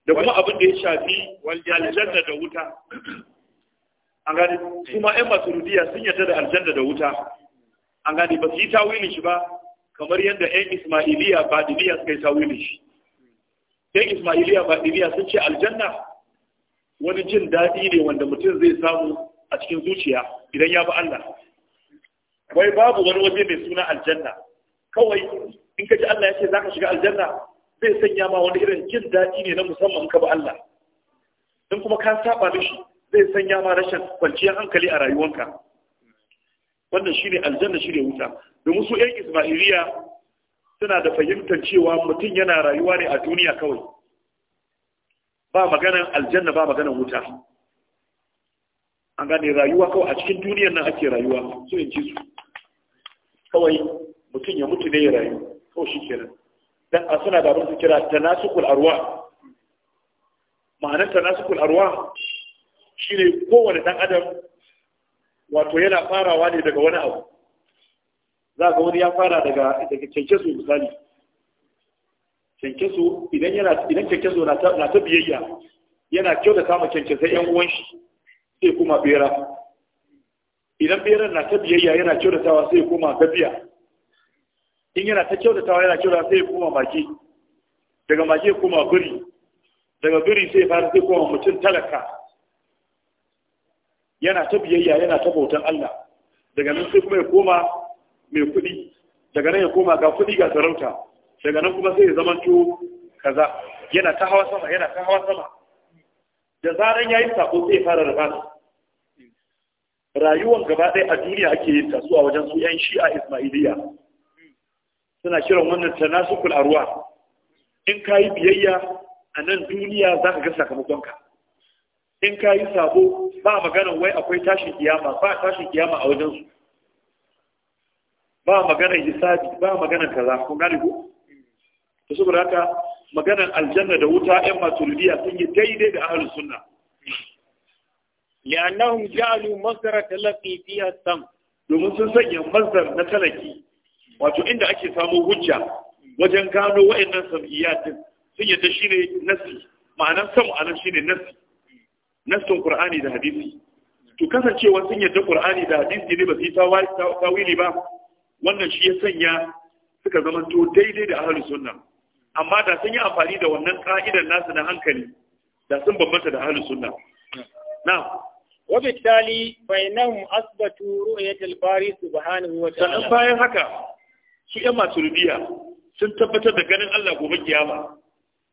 da kuma abin da ya shafi aljanna da wuta an gani kuma ƴan masurudiya sun yarda da aljanna da wuta an gane ba su yi tawilin shi ba kamar yadda ƴan ismailiya badiliya suka yi tawilin shi ƴan ismailiya badiliya sun ce aljanna wani jin daɗi ne wanda mutum zai samu a cikin zuciya idan ya bi Allah wai babu wani waje mai suna aljanna kawai in ka ji Allah ya ce za ka shiga aljanna zai sanya ma wani irin jin daɗi ne na musamman ka ba Allah in kuma ka saba shi, zai sanya ma rashin kwanciyar hankali a rayuwanka wannan shine aljanna shine wuta domin su ƴan Isma'iliya suna da fahimtar cewa mutum yana rayuwa ne a duniya kawai ba maganar aljanna ba maganan wuta an gane rayuwa kawai a cikin duniyar nan ake rayuwa so in ji su kawai mutum ya mutu ne ya rayu kawai shi kenan dan a suna da abin su kira nasu arwa ma'anar tanasukul Shi ne kowane dan adam wato yana farawa ne daga wani abu za ga wani ya fara daga daga misali kenkeso idan yana idan na ta biyayya yana kyau da kama kenkesai yan uwan shi sai kuma bera idan beran na ta biyayya yana kyautatawa sai kuma gabiya in yana ta kyautatawa yana kyautatawa sai kuma maki daga maki kuma biri daga biri sai fara sai kuma mutum talaka yana ta biyayya yana ta bautan Allah daga nan sai kuma ya koma mai kuɗi daga nan ya koma ga kuɗi ga sarauta daga nan kuma sai ya zama to kaza yana ta hawa sama yana ta hawa sama da zaran yayin sako sai ya fara rufa rayuwan gaba ɗaya a duniya ake yin tasuwa wajen su yan shi'a ismailiya suna kiran wannan nasu arwa in ka yi biyayya a nan duniya za ka ga sakamakonka in ka yi sabo ba maganan wai akwai tashin kiyama ba tashin kiyama a wajen su. ba maganan hisabi ba maganan kaza kun gane ko to saboda haka maganan aljanna da wuta masu maturidiya sun yi daidai da ahalin sunna li'annahum ja'alu masdar talaqi fiha sam domin sun sanya masdar na talaki wato inda ake samu hujja wajen gano wa'annan sam'iyya din sun yadda shine nasi ma'anar sam anan shine nasi nasin da hadisi to kasancewa sun yadda qur'ani da hadisi ne ba su yi tawili ba wannan shi ya sanya suka zama daidai da ahlus sunna amma da sun yi amfani da wannan ka'idar nasu na hankali da sun bambanta da ahlus sunna na'am وبالتالي فإنهم أثبتوا رؤية الباري سبحانه وتعالى sannan bayan haka su ƴan maturidiya sun tabbatar da ganin Allah gobe kiyama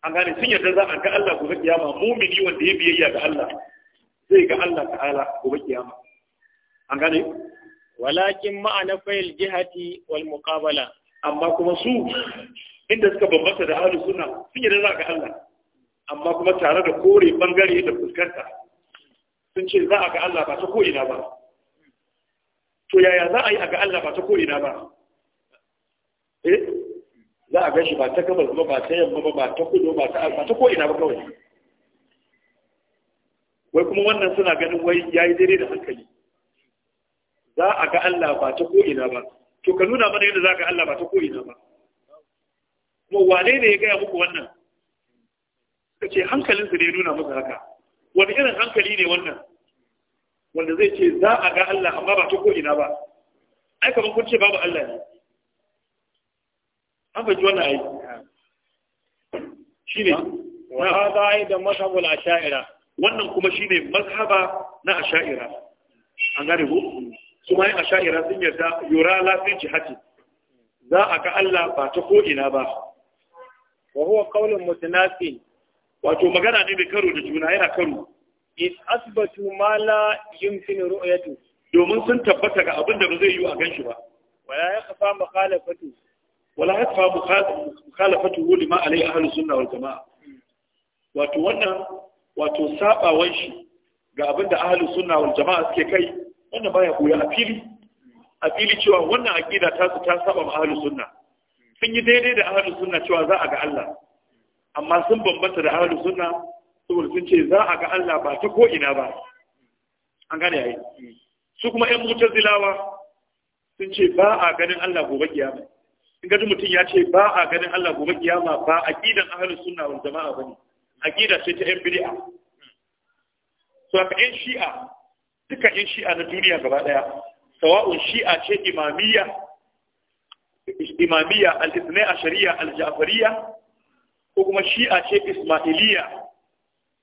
an gane sun yarda za a ga Allah gobe kiyama mumini wanda biyayya ga Allah zai ga Allah ta'ala gobe kiyama an gane walakin ma'ana fayil jihati wal muqabala amma kuma su inda suka bambanta da ahlus sunna sun yarda za ga Allah amma kuma tare da kore bangare da fuskanta sun ce za a ga Allah ba ta ko'ina ba to yaya za a yi a ga Allah ba ta ko'ina ba eh za a gashi ba ta gabas ba ba ta yamma ba ba ta kudu ba ta ba ta ko'ina ba kawai wai kuma wannan suna ganin wai ya yi dare da hankali za a ga Allah ba ta ko'ina ba to ka nuna mana yadda za ga Allah ba ta ko'ina ba kuma wane ne ya gaya muku wannan Ka ce hankalinsu ne ya nuna musu haka wani irin hankali ne wannan wanda zai ce za a ga Allah amma ba ta ko'ina ba ai kamar kun ce babu Allah ne an ji wannan ai shi ne wa hada ai da mazhabul asha'ira wannan kuma shi ne mazhaba na asha'ira an gane ko su ma a asha'ira sun yarda yura lafiyar jihati za a ga Allah ba ta ko'ina ba wa huwa qaulun mutanasi wato magana ne mai karo da juna yana karo in asbatu mala la yumkinu ru'yatu domin sun tabbata ga abin da ba zai yi a ganshi ba wala kafa mukhalafatu wala kafa mukhalafatu lima alai ahli sunna wal jamaa wato wannan wato sabawan shi ga abin da ahlus sunna wal jamaa suke kai wannan baya koya a fili a fili cewa wannan aqida ta su ta saba ma sunna sun yi daidai da ahli sunna cewa za a ga Allah amma sun bambanta da ahlus sunna saboda sun ce za a ga Allah ba ta ko ina ba an gane yayi su kuma ƴan mutazilawa sun ce ba a ganin Allah gobe kiyama in ga mutum ya ce ba a ganin Allah gobe kiyama ba aqidan ahlus sunna wal jama'a bane aqida ce ta ƴan bid'a so aka ƴan shi'a duka ƴan shi'a na duniya gaba daya sawa'un shi'a ce imamiyya imamiyya al-ithnai ashariyya al-ja'fariyya ko kuma shi'a ce ismailiya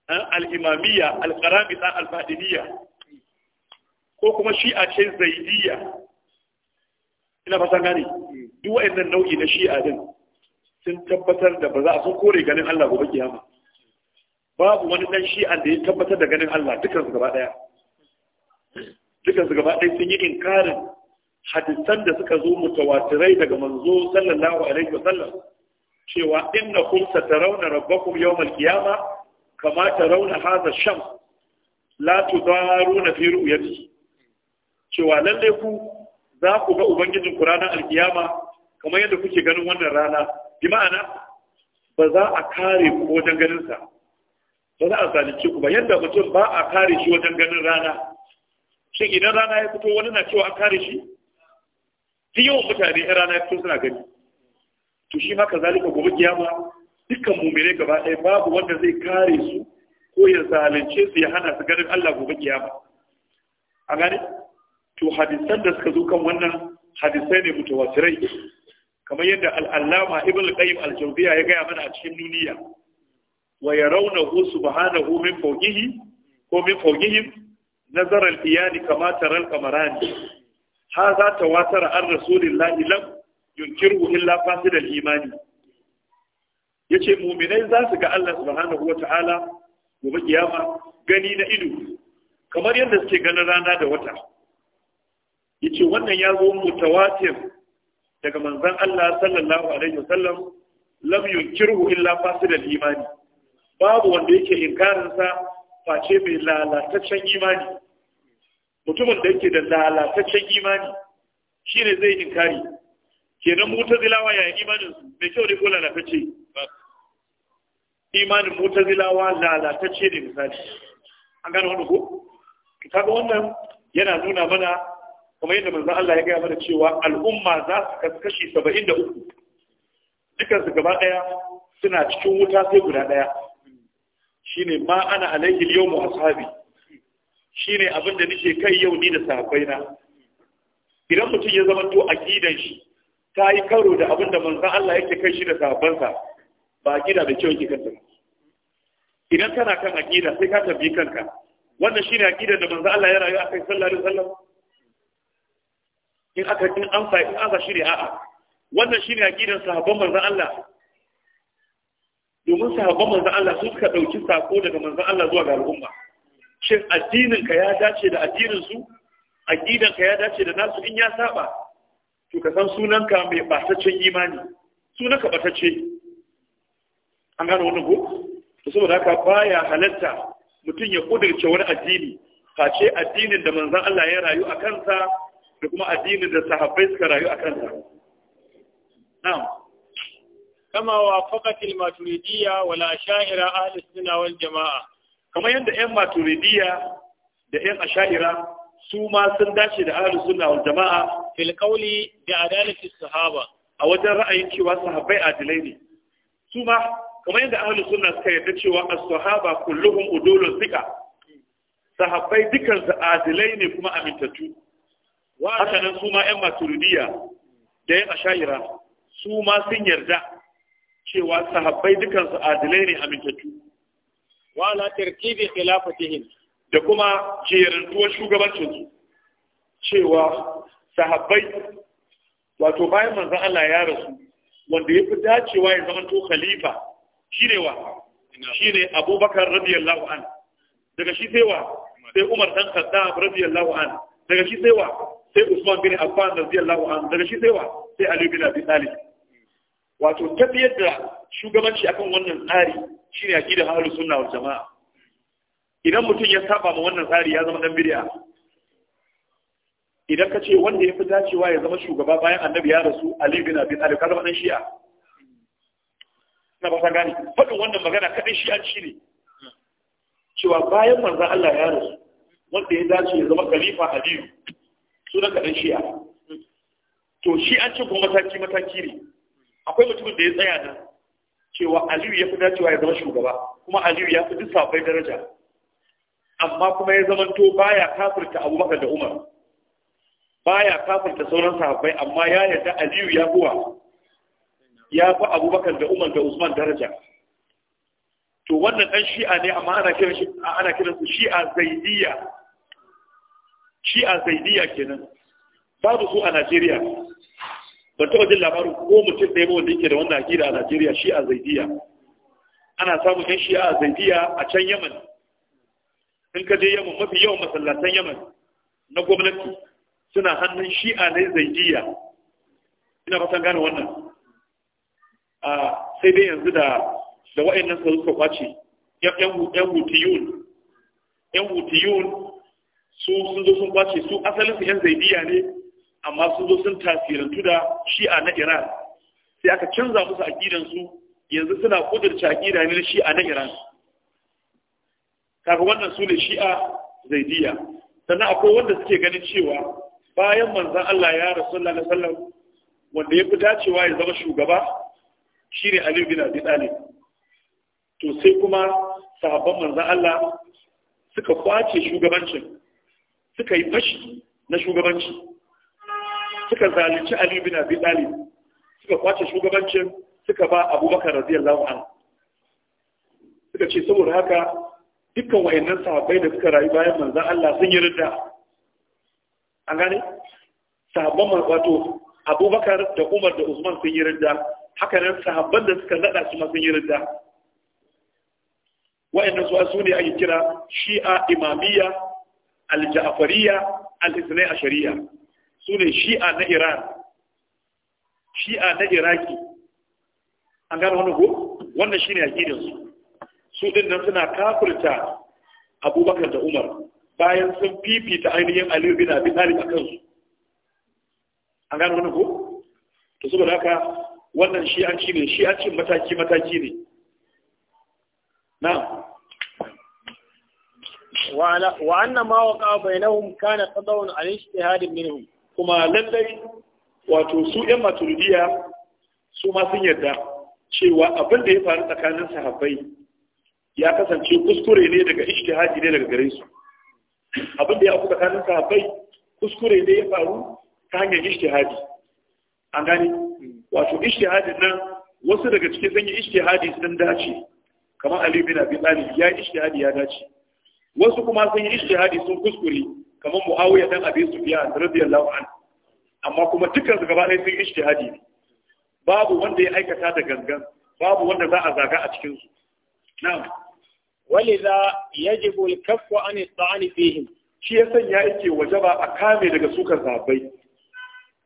an eh, al'imamiya al-qaramita al ko kuma shi'a ce zaidiya ina fasa gani duk inda nau'i na shi'a din sun tabbatar da ba za a sun kore ganin Allah gobe kiyama babu wani dan shi'a da ya tabbatar da ganin Allah dukansu gaba daya dukansu gaba daya sun yi inkarin hadisan da suka zo mutawatirai daga manzo sallallahu alaihi wa sallam. cewa inna ta rauna rabbakum yawmal qiyama kama tarawna hadha sham la tudaruna fi ru'yati cewa lalle ku za ku ga ubangijin ku ranar alkiyama kamar yadda kuke ganin wannan rana bi ma'ana ba za a kare ku wajen ganin sa ba za a zalunce ku ba yadda mutum ba a kare shi wajen ganin rana shi idan rana ya fito wani na cewa an kare shi duk yawan mutane in rana ya fito suna gani to shi ma kazalika gobe kiyama dukkan mumire gaba ɗaya babu wanda zai kare su ko ya zalunce su ya hana su ganin Allah gobe kiyama a gani to hadisan da suka zo kan wannan hadisai ne mutawatirai kamar yadda al'allama ibn qayyim al-jawziya ya gaya mana a cikin duniya wa yarawnahu subhanahu min fawqihi ko min fawqihim nazara al-iyadi kama tara al-qamarani hadha tawatara an rasulillahi lam yunkiru illa fasidal imani yace mu'minai za su ga Allah subhanahu wata'ala gobe kiyama gani na ido kamar yadda suke ganin rana da wata yace wannan ya zo mutawatir daga manzon Allah sallallahu alaihi wasallam lam yunkiru illa fasidal imani babu wanda yake sa face mai lalataccen imani mutumin da yake da lalataccen imani shine zai inkari kenan mutazilawa ya imanin mai kyau ne ko lalatacce imanin mutazilawa lalatacce ne misali an gano wani ko kaga wannan yana nuna mana kuma yadda manzo Allah ya gaya mana cewa al'umma za su kaskashi 73 dukan su gaba daya suna cikin wuta sai guda daya shine ma ana alaihi al-yawm ashabi shine ne abinda nake kai yau ni da sahabbaina idan mutum ya zama to aqidan shi ta yi karo da abin da manzan Allah yake kai shi da sahabbansa ba a gida da kyau yake kanta idan kana kan aqida sai ka tabbi kanka wannan shine aqidar da manzan Allah ya rayu akai sallallahu alaihi wasallam in aka in an fa in aka shirya a'a wannan shine aqidar sahabban manzan Allah domin sahabban manzan Allah su suka dauki sako daga manzan Allah zuwa ga al'umma shin addinin ka ya dace da addinin su aqidan ka ya dace da nasu in ya saba to ka san sunanka mai bataccen imani sunanka batacce an gano wani ko to saboda haka baya halatta mutum ya kudirce wani addini face addinin da manzan Allah ya rayu a kansa da kuma addinin da sahabbai suka rayu a kansa na'am kama wafaqat al-maturidiyya wal ash'ira ahli sunna wal jamaa kamar yadda ƴan maturidiyya da ƴan asha'ira su ma sun dace da ahli sunna jamaa fil qawli bi adalati sahaba a wajen ra'ayin cewa sahabbai adilai ne su ma kuma yadda ahli sunna suka yarda cewa as-sahaba kulluhum udulun sika sahabbai dukan su adilai ne kuma amintattu haka nan su ma ƴan maturidiya da ƴan ashaira su ma sun yarda cewa sahabbai dukan su adilai ne amintattu wala tarkibi khilafatihim da kuma jerantuwar shugabancinsu cewa sahabbai wato bayan manzon Allah ya rasu wanda ya fi dacewa ya zama to khalifa shine wa shine Abubakar radiyallahu an daga shi sai wa sai Umar dan Khattab radiyallahu an daga shi sai wa sai Usman bin Affan radiyallahu an daga shi sai wa sai Ali bin Abi Talib wato tafiyar da shugabanci akan wannan tsari shine akidar ahlus sunna wal jamaa idan mutum ya saba ma wannan tsari ya zama dan bid'a idan ka ce wanda ya fi dacewa ya zama shugaba bayan annabi ya rasu Ali bin Abi Talib ka zama dan shi'a na ba ta gani faɗin wannan magana kaɗai ci ne cewa bayan manzan Allah ya rasu wanda ya dace ya zama khalifa Aliyu sunan kaɗan shi'a to ce kuma mataki mataki ne akwai mutumin da ya tsaya nan cewa Aliyu ya fi dacewa ya zama shugaba kuma Aliyu ya fi duk safai daraja amma kuma ya zamanto baya kafirta Abubakar da Umar baya kafinta sauran sahabbai amma ya yarda Aliyu ya kuwa ya fi Abubakar da Umar da Usman daraja to wannan dan shi'a ne amma ana kiran shi ana kiran su shi'a zaidiyya shi'a zaidiyya kenan babu su a Najeriya ban taɓa jin labarin ko mutum ɗaya ba wanda yake da wannan akida a Najeriya shi'a zaidiyya ana samun yan shi'a zaidiyya a can Yaman in ka je Yaman mafi yawan masallatan Yaman na gwamnati suna hannun shi'a ne Zaidiyya. ina fatan gane wannan a sai dai yanzu da da wa'annan su suka kwace yan hutiyun yan hutiyun su sun zo sun kwace su asalin su yan zaidiya ne amma sun zo sun tasirantu da shi'a na iran sai aka canza musu aƙidansu yanzu suna kudurce aƙida ne shi'a na iran kafin wannan su ne shi'a zaidiya sannan akwai wanda suke ganin cewa bayan manzan Allah ya rasu Allah sallam wanda ya fi dacewa ya zama shugaba shi ne Aliyu bin Abi Talib to sai kuma sahabban manzan Allah suka kwace shugabancin suka yi fashi na shugabanci suka zalunci Aliyu bin Abi Talib suka kwace shugabancin suka ba Abubakar radiyallahu anhu suka ce saboda haka dukkan wayannan sahabbai da suka rayu bayan manzan Allah sun yi ridda an gane sahabban wato abubakar da umar da usman sun yi ridda haka nan sahabban da suka nada su ma sun yi ridda wa'annan su su ne ake kira shi'a imamiyya al-ja'fariyya al-ithnai ashariyya su ne shi'a na iran shi'a na iraki an gane wannan ko wannan shine aqidar su su din nan suna kafirta abubakar da umar bayan sun fifita ainihin aliyu bin abi talib a kansu an gano wani ko to saboda haka wannan shi an ci ne shi an ci mataki mataki ne na wa anna ma waqa bainahum kana qadawun al ijtihad minhum kuma lallai wato su ƴan maturidiya su ma sun yarda cewa abin da ya faru tsakanin sahabbai ya kasance kuskure ne daga ijtihadi ne daga gare su abin da ya fi tsakanin sahabbai kuskure ne ya faru ta hanyar ishtihadi an gani wato ishtihadin nan wasu daga cikin sun yi ishtihadi sun dace kamar Ali bin Abi Talib ya ishtihadi ya dace wasu kuma sun yi ishtihadi sun kuskure kamar Muawiya dan Abi Sufyan radiyallahu anhu amma kuma dukkan su gaba ɗaya sun ishtihadi ne babu wanda ya aikata da gangan babu wanda za a zaga a cikin su na'am ولذا يجب الكف عن الطعن فيهم shi ya sanya yake wajaba a kame daga sukar sahabbai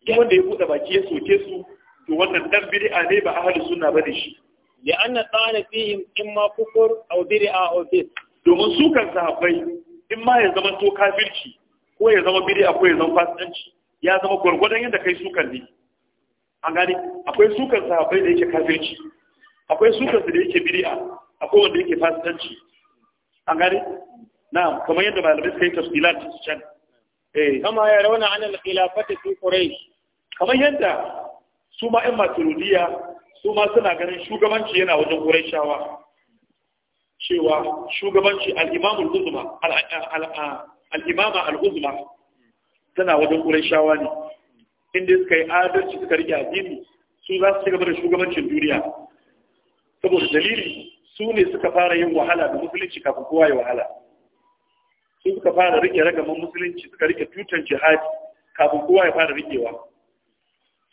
duk wanda ya bude baki ya soke su to wannan dan bid'a ne ba ahli sunna bane shi لأن الطعن فيهم إما كفر أو برئة أو فسق domin sukan sahabbai in ma ya zama to kafirci ko ya zama bid'a ko ya zama fasikanci ya zama gwargwadon yanda kai sukan ne an gani akwai sukan sahabbai da yake kafirci akwai sukan da yake bid'a akwai wanda yake fasitanci an gari na kuma yadda malamai suka yi su can eh kama ya rauna an al-khilafati fi quraish yadda su ma 'yan maturidiya su ma suna ganin shugabanci yana wajen shawa cewa shugabanci al-imamu uzma tana wajen shawa ne inda suka yi adalci suka rike addini su za su ci gaba da shugabancin duniya saboda dalili su ne suka fara yin wahala da musulunci kafin kowa ya wahala su suka fara rike ragaman musulunci suka rike tutan jihadi kafin kowa ya fara rikewa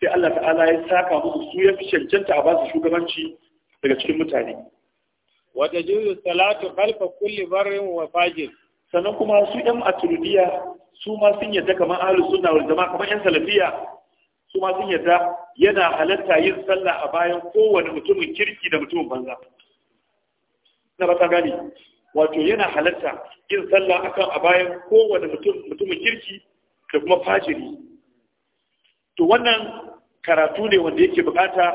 sai Allah ta'ala ya saka musu su ya fi cancanta a basu shugabanci daga cikin mutane wata juzu salatu khalfa kulli barrin wa fajir sannan kuma su yan aturidiya su ma sun yadda kamar ahlus sunna wal jama'a kamar yan salafiya su ma sun yadda yana halatta yin sallah a bayan kowane mutumin kirki da mutumin banza na ba ta wato yana halatta yin sallah akan a bayan kowane mutumin kirki da kuma fajiri to wannan karatu ne wanda yake bukata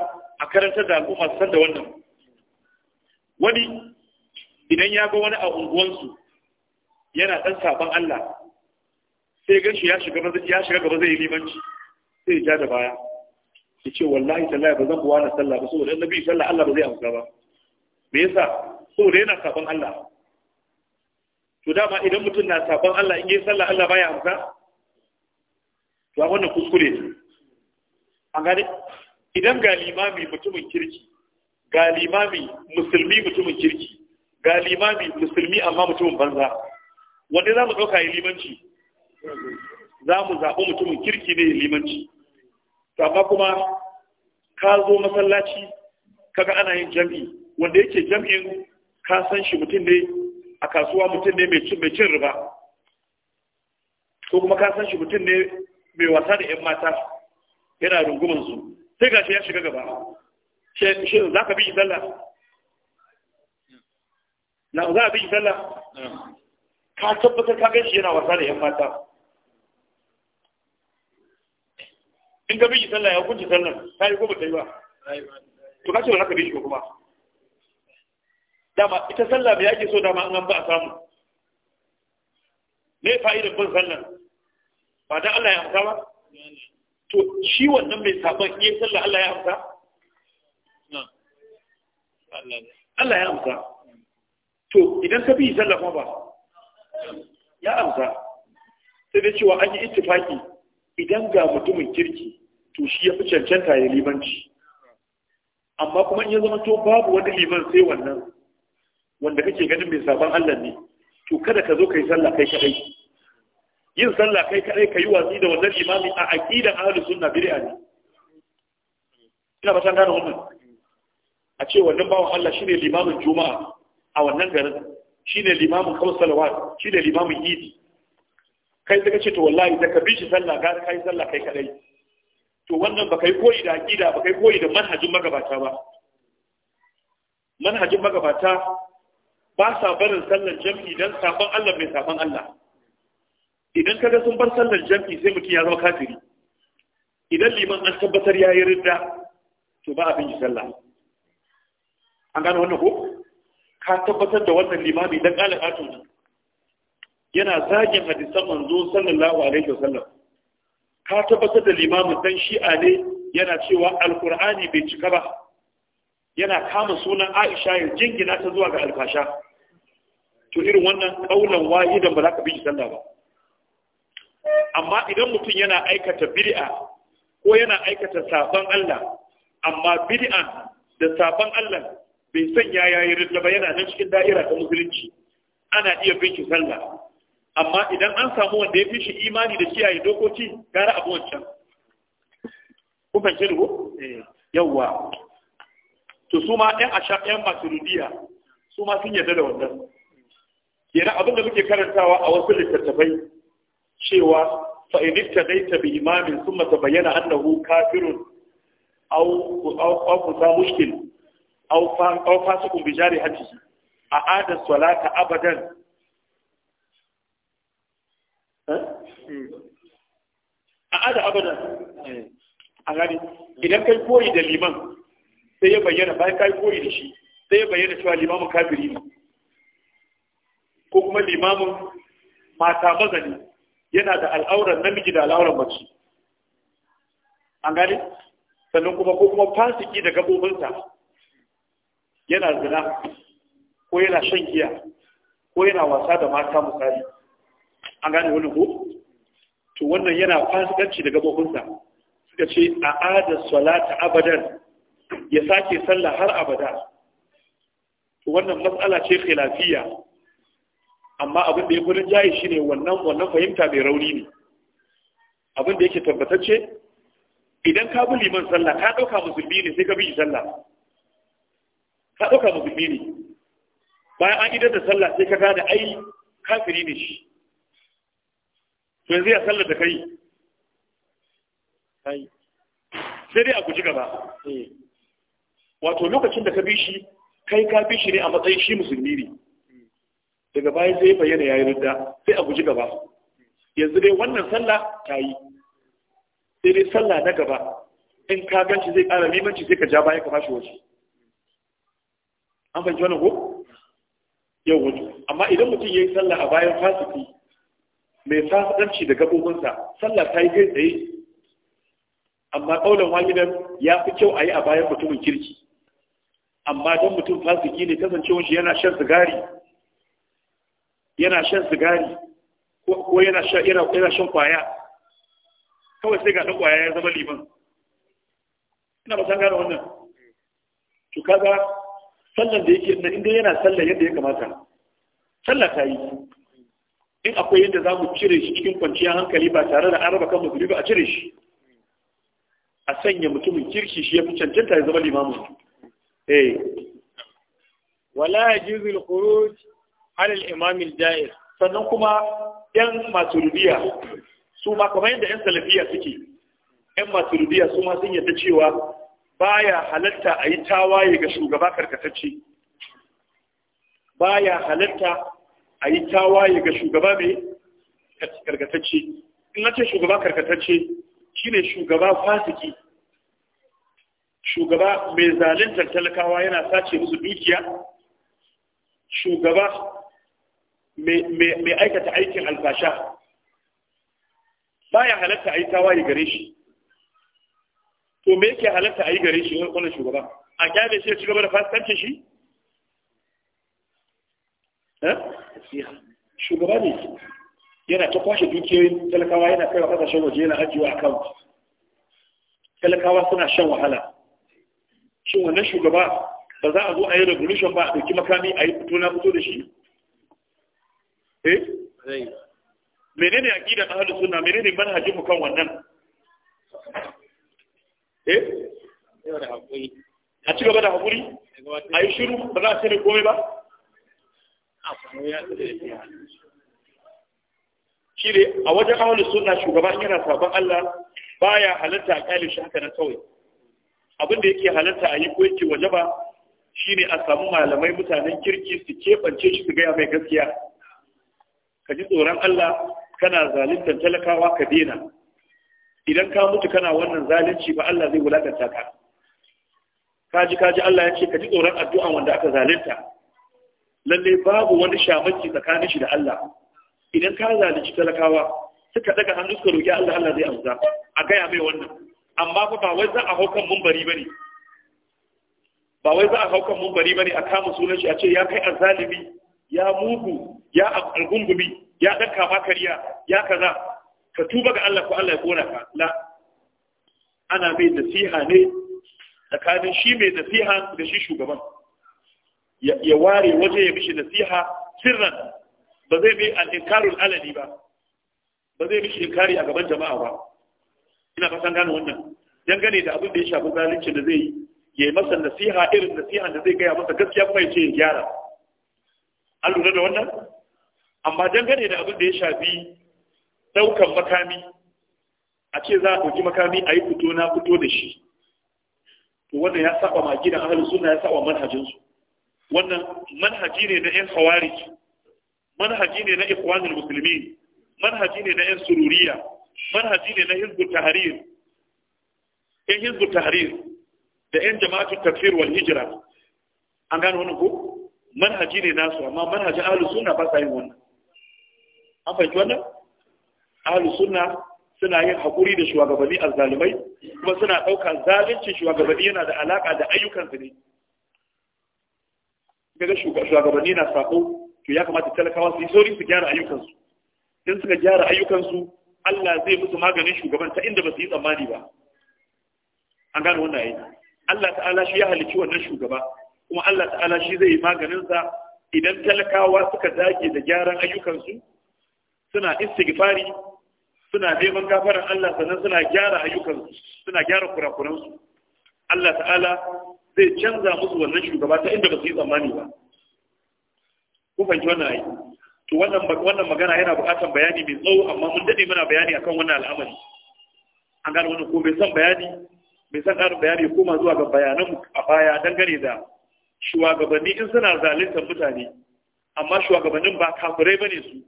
a karanta da al'umma san da wannan wani idan ya ga wani a unguwansu yana dan saban Allah sai ga shi ya shiga ya shiga gaba zai yi limanci sai ya ja da baya ya ce wallahi tallahi ba zan buwa na sallah ba saboda annabi sallah Allah ba zai amsa ba me yasa saboda yana sabon Allah to dama idan mutum na sabon Allah in yi sallah Allah baya amsa to a wannan kuskure ne an gane idan ga limami mutumin kirki ga limami musulmi mutumin kirki ga limami musulmi amma mutumin banza wanda za mu ɗauka yi limanci za mu zaɓi mutumin kirki ne limanci to amma kuma ka zo masallaci kaga ana yin jam'i wanda yake jam'in ka san shi mutum ne a kasuwa mutum ne mai cin riba ko kuma ka san shi mutum ne mai wasa da 'yan mata yana rungumin su sai shi ya shiga gaba shi za ka bi sallah na za a bi sallah ka tabbatar ka gan shi yana wasa da 'yan mata in ka bi sallah ya kunci sallah ta yi ko ta yi ba to ka ce ba za ka bi shi kuma dama ita sallah mai ake so dama an ba a samu me fa'idar bin sallah ba dan Allah ya amsa ba to shi wannan mai sabon iya sallah Allah ya amsa Allah ya amsa to idan ka bi sallah kuma ba ya amsa sai dai cewa an yi ittifaki idan ga mutumin kirki to shi ya fi cancanta ya limanci amma kuma in ya zama to babu wani liman sai wannan wanda kake ganin mai sabon Allah ne to kada ka zo kai sallah kai kadai yin sallah kai kadai kai watsi da wannan imami a aqidan ahlus sunna bid'a ne ina ba san gano wannan a ce wannan bawan Allah shine limamin juma'a a wannan garin shine limamin salawat shine limamin idi kai da kace to wallahi da ka bi shi sallah ga kai sallah kai kadai to wannan ba kai koyi da aqida ba kai koyi da manhajin magabata ba manhajin magabata ba sa barin sallar jam'i dan sabon Allah mai sabon Allah idan kaga sun bar sallar jam'i sai mutum ya zama kafiri idan liman an tabbatar ya yi ridda to ba abin yi sallah an gano wannan ko ka tabbatar da wannan limami dan ƙala ƙato yana zagin hadisan manzo sallallahu alaihi wasallam ka tabbatar da limamin dan shi'a ne yana cewa alqur'ani bai cika ba yana kama sunan Aisha ya jingina ta zuwa ga alfasha to irin wannan kaulan wahidan ba za ka bi sallah ba amma idan mutum yana aikata bid'a ko yana aikata saban Allah amma bid'a da saban Allah bai sanya yayi ridda ba yana nan cikin da'ira ta musulunci ana iya bin shi sallah amma idan an samu wanda ya fi shi imani da kiyaye dokoki gara abu wancan kun fahimci ko eh. yawwa to su ma ɗan asha ɗan masurudiya su ma sun yarda da wannan kenan abin da muke karantawa a wasu littattafai cewa fa in ittadaita bi imamin thumma tabayyana annahu kafirun aw aw kusa mushkil aw fa aw fasiqun bi jari hajji a ada salata abadan eh? a ada abadan a gani idan kai koyi da liman sai ya bayyana bayan kai koyi da shi sai ya bayyana cewa limamin kafiri ne ko kuma limamin mata mazani yana da al'auran namiji da al'auran mace an gane sannan kuma ko kuma fasiki da gabobinsa yana zina ko yana shan giya ko yana wasa da mata misali an gane wani ko to wannan yana fasikanci da gabobinsa suka ce a ada salata abadan ya sake sallah har abada to wannan matsala ce khilafiyya amma abin da ya gudun jayi shine wannan wannan fahimta mai rauni ne abin da yake tabbatacce idan ka bi liman sallah ka ɗauka musulmi ne sai ka bi shi sallah ka ɗauka musulmi ne bayan an idar da sallah sai ka gane ai kafiri ne shi to yanzu ya sallar da kai sai dai a guji gaba eh. wato lokacin da ka bi shi kai ka bi shi ne a matsayin shi musulmi ne daga bayan sai bayyana yi ridda sai a guji gaba yanzu dai wannan sallah ta yi sai dai sallah na gaba in ka ganci zai ƙara limanci sai ka ja baya ka bashi waje an fahimci wannan ko yau wato amma idan mutum ya yi sallah a bayan fasiki mai fasikanci da gabobinsa sallah ta yi kai tsaye amma ƙaunar wahidan ya fi kyau a yi a bayan mutumin kirki amma don mutum fasiki ne kasancewar shi yana shan sigari yana shan sigari ko yana shan yana shan kwaya kawai sai ga ɗan kwaya ya zama liman ina ba san gane wannan to kaga sallan da yake inda yana sallan yadda ya kamata sallah ta yi in akwai yadda za mu cire shi cikin kwanciyar hankali ba tare da an kan musulmi ba a cire shi a sanya mutumin kirki shi ya fi cancanta ya zama limamu eh wala yajuzul khuruj alal imamil ja'ir sannan kuma yan maturidiya su ma kamar yadda yan salafiya suke yan maturidiya su ma sun yadda cewa baya halatta a yi tawaye ga shugaba karkatacce baya halatta a yi tawaye ga shugaba mai karkatacce in ce shugaba karkatacce shine shugaba fasiki shugaba mai zaluntar talakawa yana sace musu dukiya shugaba mai aikata aikin alfasha ya halatta a yi tawaye gare shi to me yake halatta a yi gare shi wani shugaba a kyale shi ya ci gaba da fasikancin shi eh? shugaba ne yana ta kwashe dukiyoyin talakawa yana kai kaiwa kasashen waje yana ajiyewa kawo talakawa suna shan wahala shin wannan shugaba ba za a zo a yi revolution ba a ɗauki makami a yi fito na fito da shi eh menene aqidar ahlus sunna menene manhajin mu kan wannan eh a ci gaba da hakuri a yi shiru ba za a sani komai ba shi ne a wajen ahalin suna shugaban yana sabon Allah baya halatta a kyalin shi haka na kawai abinda yake halatta a yi ko yake waje ba shi ne a samu malamai mutanen kirki su kebance shi su gaya mai gaskiya ka ji tsoron Allah kana zaluntar talakawa ka dena idan ka mutu kana wannan zalunci ba Allah zai wulakanta ka kaji kaji Allah ya ce ka ji tsoron addu'an wanda aka zalunta lalle babu wani shamaki tsakanin shi da Allah idan ka zalunci talakawa suka daga hannu suka roki Allah Allah zai amsa a gaya mai wannan amma fa ba wai za a haukan mumbari bane ba wai za a haukan mumbari bane a kama sunan shi a ce ya kai azalimi ya mugu ya algungumi ya dan kama kariya ya kaza ka tuba ga Allah ko Allah ya kona ka la ana mai nasiha ne tsakanin shi mai nasiha da shi shugaban ya ware waje ya mishi nasiha sirran ba zai bi al-inkarul alani ba ba zai mishi inkari a gaban jama'a ba ina fatan gane wannan dangane da abin da ya shafi zalunci da zai yi ya yi masa nasiha irin nasiha da zai gaya masa gaskiya kuma ya ce ya gyara an lura da wannan amma dangane da abin da ya shafi daukan makami a ce za a ɗauki makami a yi fito na fito da shi to wannan ya saba ma gidan ahalin suna ya saba manhajinsu wannan manhaji ne na 'yan hawari manhaji ne na ikwanul musulmi manhaji ne na 'yan sururiya manhaji ne na hizbut tahrir yan hizbut tahrir da 'yan jama'atu tafsir wal hijra an gano wannan ko manhaji ne nasu amma manhajin ahlus sunna ba sa yin wannan an fahimci wannan ahlus sunna suna yin hakuri da shugabanni azzalumai kuma suna ɗaukar zalunci shugabanni yana da alaka da ayyukan su ne daga shugabanni na sako to ya kamata talakawa su yi sauri su gyara ayyukansu in suka gyara ayyukansu Allah zai musu maganin shugaban ta inda ba su yi tsammani ba an gane wannan ayi Allah ta'ala shi ya halicci wannan shugaba kuma Allah ta'ala shi zai maganin sa idan talakawa suka dage da gyaran ayyukansu suna istighfari suna neman gafaran Allah sannan suna gyara ayyukansu suna gyara kurakuransu Allah ta'ala zai canza musu wannan shugaba ta inda ba su yi tsammani ba ku fahimci wannan ayi to wannan wannan magana yana buƙatar bayani mai tsawo amma mun dade muna bayani akan wannan al'amari an gane wannan ko bai san bayani bai san ƙarin bayani koma zuwa ga bayanan a baya dangane da shugabanni in suna zaluntar mutane amma shugabannin ba kafirai bane su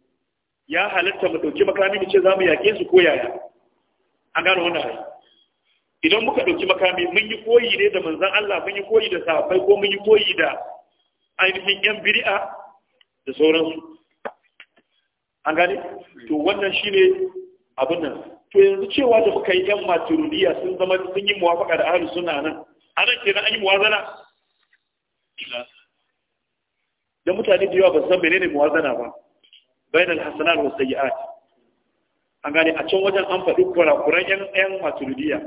ya halitta mu dauki makami mu ce za mu yake su ko yaya an gano wannan hali idan muka dauki makami mun yi koyi ne da manzon Allah mun yi koyi da sahabbai ko mun yi koyi da ainihin yan bid'a da sauransu an gane to wannan shine abin nan to yanzu cewa da muka yi yan maturidiya sun zama sun yi muwafaka da ahlus sunna nan anan kenan an yi muwazana da mutane da yawa ba san menene muwazana ba bainal hasanat wasu sayi'at an gane a can wajen an faɗi kurakuran yan yan maturidiya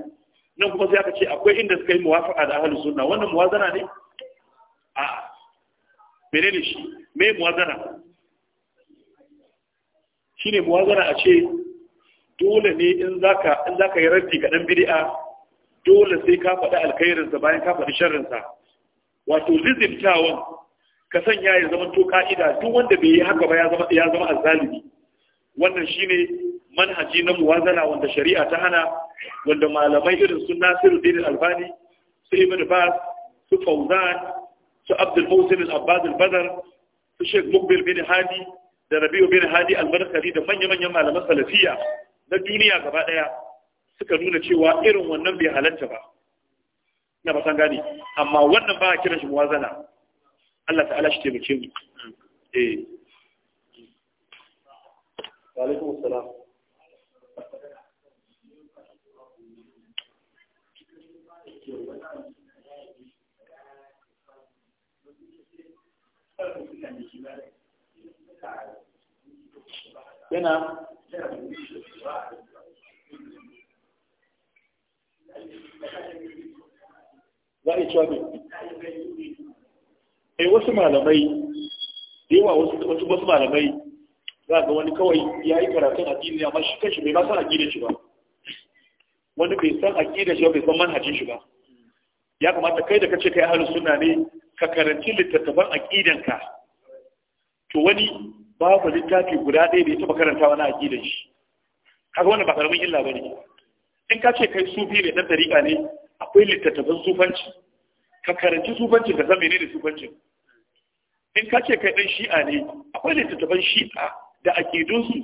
nan kuma sai aka ce akwai inda suka yi muwafaqa da ahlus sunna wannan muwazana ne a menene shi me muwazana Shi ne muwazana a ce dole ne in zaka in zaka yi raddi ga dan bid'a dole sai ka faɗi alkhairinsa bayan ka faɗi sharrinsa wato lizimtawan ka sanya ya zama to ka'ida duk wanda bai yi haka ba ya zama ya zama azzalimi wannan shine manhaji na muwazana wanda shari'a ta hana wanda malamai irin su Nasiru Din Albani su Ibn Baz su Fauzan su Abdul Muhsin Al-Abbas Al-Badr su Sheikh Mukbil bin Hadi da Rabi'u bin Hadi Al-Barkali da manya-manyan malaman salafiya na duniya gaba daya suka nuna cewa irin wannan bai halatta ba na ba san gane amma wannan ba a kiran shi muwazana الله تعالى اشتري بكم وعليكم السلام هنا ذلك شو eh wasu malamai da yawa wasu wasu malamai za ga wani kawai ya yi karatun addini amma shi kanshi bai ba san addinin shi ba wani bai san addinin shi ba bai san manhajin shi ba ya kamata kai da kace kai ahlus sunna ne ka karanci littattafan ka. to wani babu littafi guda ɗaya da ya taɓa karanta wani aqidan shi kaga wannan ba karamin illa bane in ka ce kai sufi ne dan tariqa ne akwai littattafan sufanci ka karanci sufancin ka san menene sufancin in ka ce kai dan shi'a ne akwai littattafan shi'a da akidunsu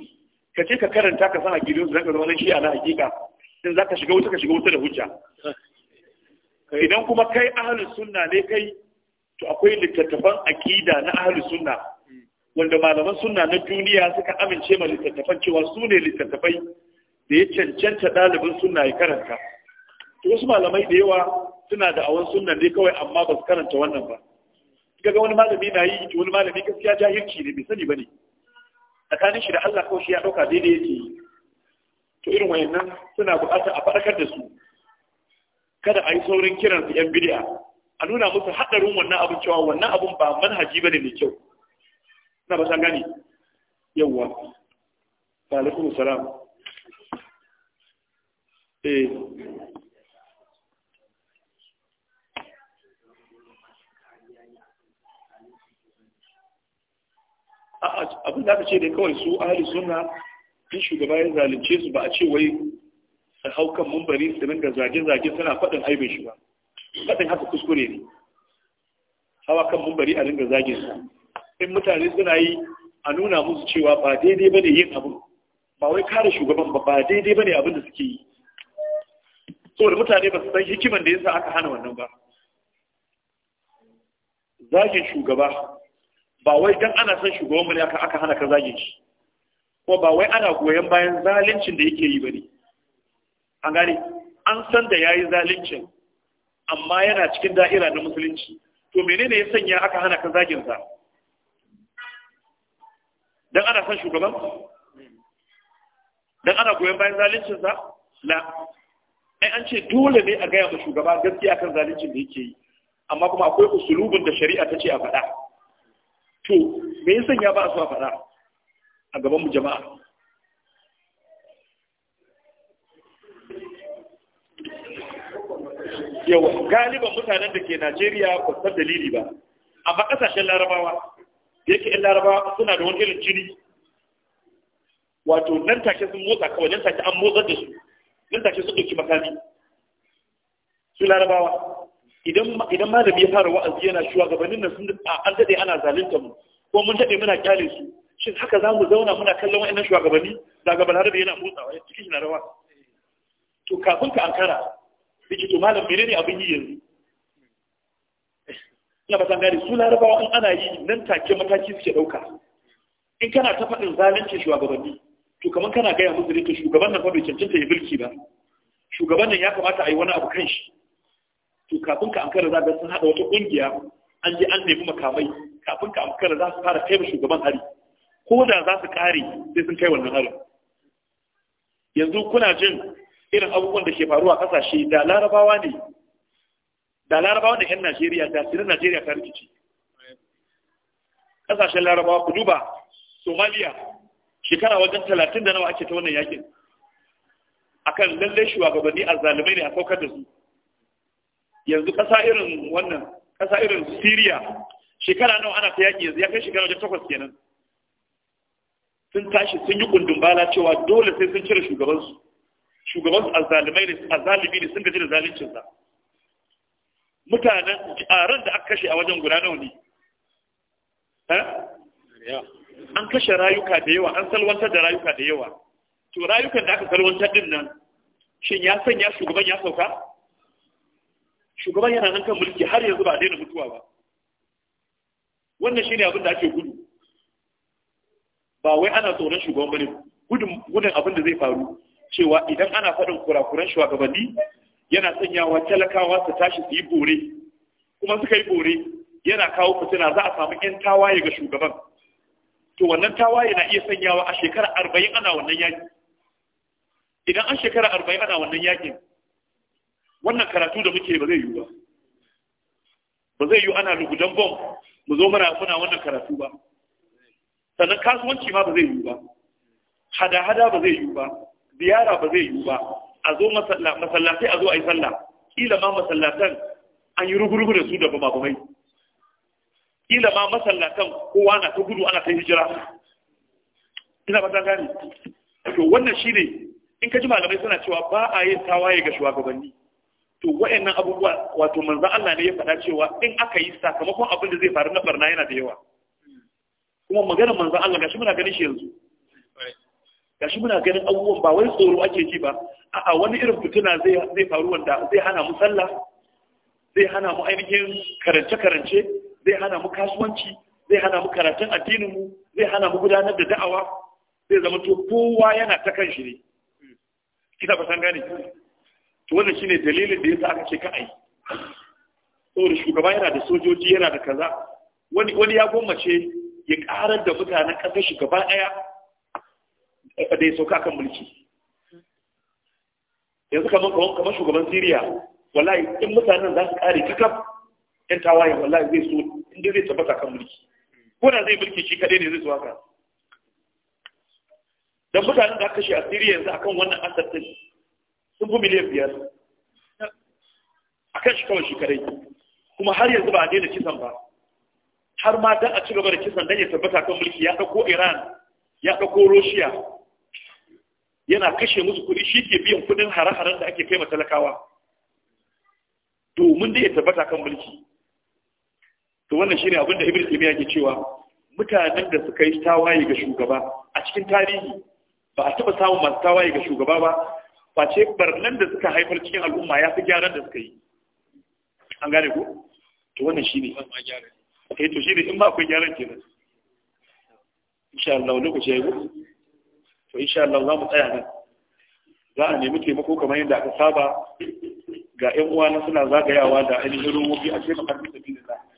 ka ce ka karanta ka san akidunsu zaka zama dan shi'a na hakika in zaka shiga wuta ka shiga wuta da hujja idan kuma kai ahlus sunna ne kai to akwai littattafan akida na ahlus sunna wanda malaman sunna na duniya suka amince ma littattafan cewa su ne littattafai da ya cancanta ɗalibin sunna ya karanta wasu malamai da yawa suna da awon sunan dai kawai amma ba su karanta wannan ba kaga wani malami na yi wani malami gaskiya jahilci ne bai sani bane tsakanin shi da Allah kawai shi ya dauka daidai yake yi to irin wayannan suna buƙatar a faɗakar da su kada a yi saurin kiran su yan bid'a a nuna musu haɗarin wannan abin cewa wannan abin ba manhaji bane mai kyau na ba san gani yawwa wa alaikum salam eh abin da aka ce dai kawai su ahli suna fi shugaba ya zalunce su ba a ce wai su hau kan mumbari su da zage-zage suna faɗin aibin shi ba faɗin haka kuskure ne hawa kan mumbari a ringa zage su in mutane suna yi a nuna musu cewa ba daidai ba ne yin abu ba wai kare shugaban ba ba daidai ba ne abin da suke yi saboda mutane ba su san hikiman da ya sa aka hana wannan ba zagin shugaba ba wai dan ana son shugaban mu ne aka aka hana ka zage shi ko ba wai ana goyon bayan zalincin da yake yi bane an gane an san da yayi zalincin, amma yana cikin da'ira na musulunci to menene ya sanya aka hana ka zagin sa dan ana son shugaban dan ana goyon bayan zalincin sa la ai an ce dole ne a gaya ma shugaba gaskiya kan zalincin da yake yi amma kuma akwai usulubin da shari'a ta ce a faɗa to me yasan ya ba su a faɗa a gaban mu jama'a yau galiban mutanen da ke Najeriya ba san dalili ba amma kasashen larabawa da yake 'yan larabawa suna da wani irin jini wato nan take sun motsa kawai nan take an motsar da su nan take sun ɗauki makami su larabawa idan malami ya fara wa'azi yana gabanin nan sun an daɗe ana zalunta mu ko mun daɗe muna kyale su shin haka za mu zauna muna kallon wa'annan shugabanni daga balarabe yana motsawa ya cikin na rawa to kafin ka ankara biki to malam ne abin yi yanzu ina ba san gane su larabawa in ana yi nan take mataki suke ɗauka. in kana ta faɗin zalunci shugabanni to kamar kana gaya musu ne to shugaban nan fa bai cancanta ya mulki ba shugaban nan ya kamata a yi wani abu kan shi to kafin ka ankara za ga sun haɗa wata kungiya an ji an nemi makamai kafin ka ankara za su fara kai shugaban hari ko da za su kare sai sun kai wannan hari yanzu kuna jin irin abubuwan da ke faruwa kasashe da larabawa ne da larabawa da 'yan najeriya da sirin najeriya ta rikici kasashen larabawa ku duba somaliya shekara wajen talatin da nawa ake ta wannan yakin akan lallai shugabanni a zalimai ne a saukar da su yanzu ƙasa irin wannan ƙasa irin Syria shekara nawa ana ta yaƙi yanzu ya kai shekara wajen takwas kenan sun tashi sun yi kundin bala cewa dole sai sun cire shugabansu shugabansu azalimai ne azalimi ne sun gaji da zaluncinsa mutanen ran da aka kashe a wajen guda nawa ne an kashe rayuka da yawa an salwantar da rayuka da yawa to rayukan da aka salwantar din nan shin ya sanya shugaban ya sauka shugaban yana nan kan mulki har yanzu ba daina mutuwa ba wannan shine abin da ake gudu ba wai ana tsoron shugaban bane gudun gudun abin da zai faru cewa idan ana faɗin kurakuran shugabanni yana sanyawa talakawa su tashi su yi bore kuma suka yi bore yana kawo fitina za a samu yan tawaye ga shugaban to wannan tawaye na iya sanyawa a shekara arba'in ana wannan idan an shekara arba'in ana wannan yaƙin wannan karatu da muke ba zai yiwu ba ba zai yiwu ana lugudan bom mu zo mana muna wannan karatu ba sannan kasuwanci ma ba zai yiwu ba hada-hada ba zai yiwu ba ziyara ba zai yiwu ba a zo masallatai a zo a yi sallah kila ma masallatan an yi rugurugu da su da bama bamai kila ma masallatan kowa na ta gudu ana ta hijira ina ba ta gane to wannan shine in ka ji malamai suna cewa ba a yin tawaye ga shugabanni to wayannan abubuwa wato manzo Allah ne ya faɗa cewa in aka yi sakamakon abin da zai faru na barna yana da yawa kuma maganar manzo Allah gashi muna ganin shi yanzu gashi muna ganin abubuwan ba wai tsoro ake ji ba a'a wani irin fitina zai zai faru wanda zai hana mu sallah zai hana mu ainihin karance karance zai hana mu kasuwanci zai hana mu karatun addinin mu zai hana mu gudanar da da'awa zai zama to kowa yana ta kan shi ne kina ba san gane to wannan shine dalilin da yasa aka ce ka ai saboda shugaba yana da sojoji yana da kaza wani wani ya gwammace ya karar da mutanen ƙasar shi gaba ɗaya da ya sauka kan mulki yanzu kamar kamar shugaban Siriya wallahi in mutanen za su kare kakaf yan tawaye wallahi zai so inda zai tabbata kan mulki ko da zai mulki shi kadai ne zai zuwa haka dan mutanen da aka kashe a Siriya yanzu akan wannan asar din sun fi miliyan biyar a kan shi kawai kuma har yanzu ba a daina kisan ba har ma dan a ci gaba da kisan dan ya tabbata kan mulki ya ɗauko iran ya ɗauko russia yana kashe musu kuɗi shi ke biyan kuɗin hare-haren da ake kai ma talakawa domin da ya tabbata kan mulki to wannan shine abin da ibn taymiya ke cewa mutanen da suka yi tawaye ga shugaba a cikin tarihi ba a taɓa samun masu tawaye ga shugaba ba face barnan da suka haifar cikin al'umma ya fi gyaran da suka yi an gane ku to wannan shine eh to shine in ba akwai gyaran nan insha Allah lokaci yayi to insha Allah za mu tsaya nan za a nemi taimako kamar yadda aka saba ga ƴan uwa suna zagayawa da ainihin rumobi a cikin da za.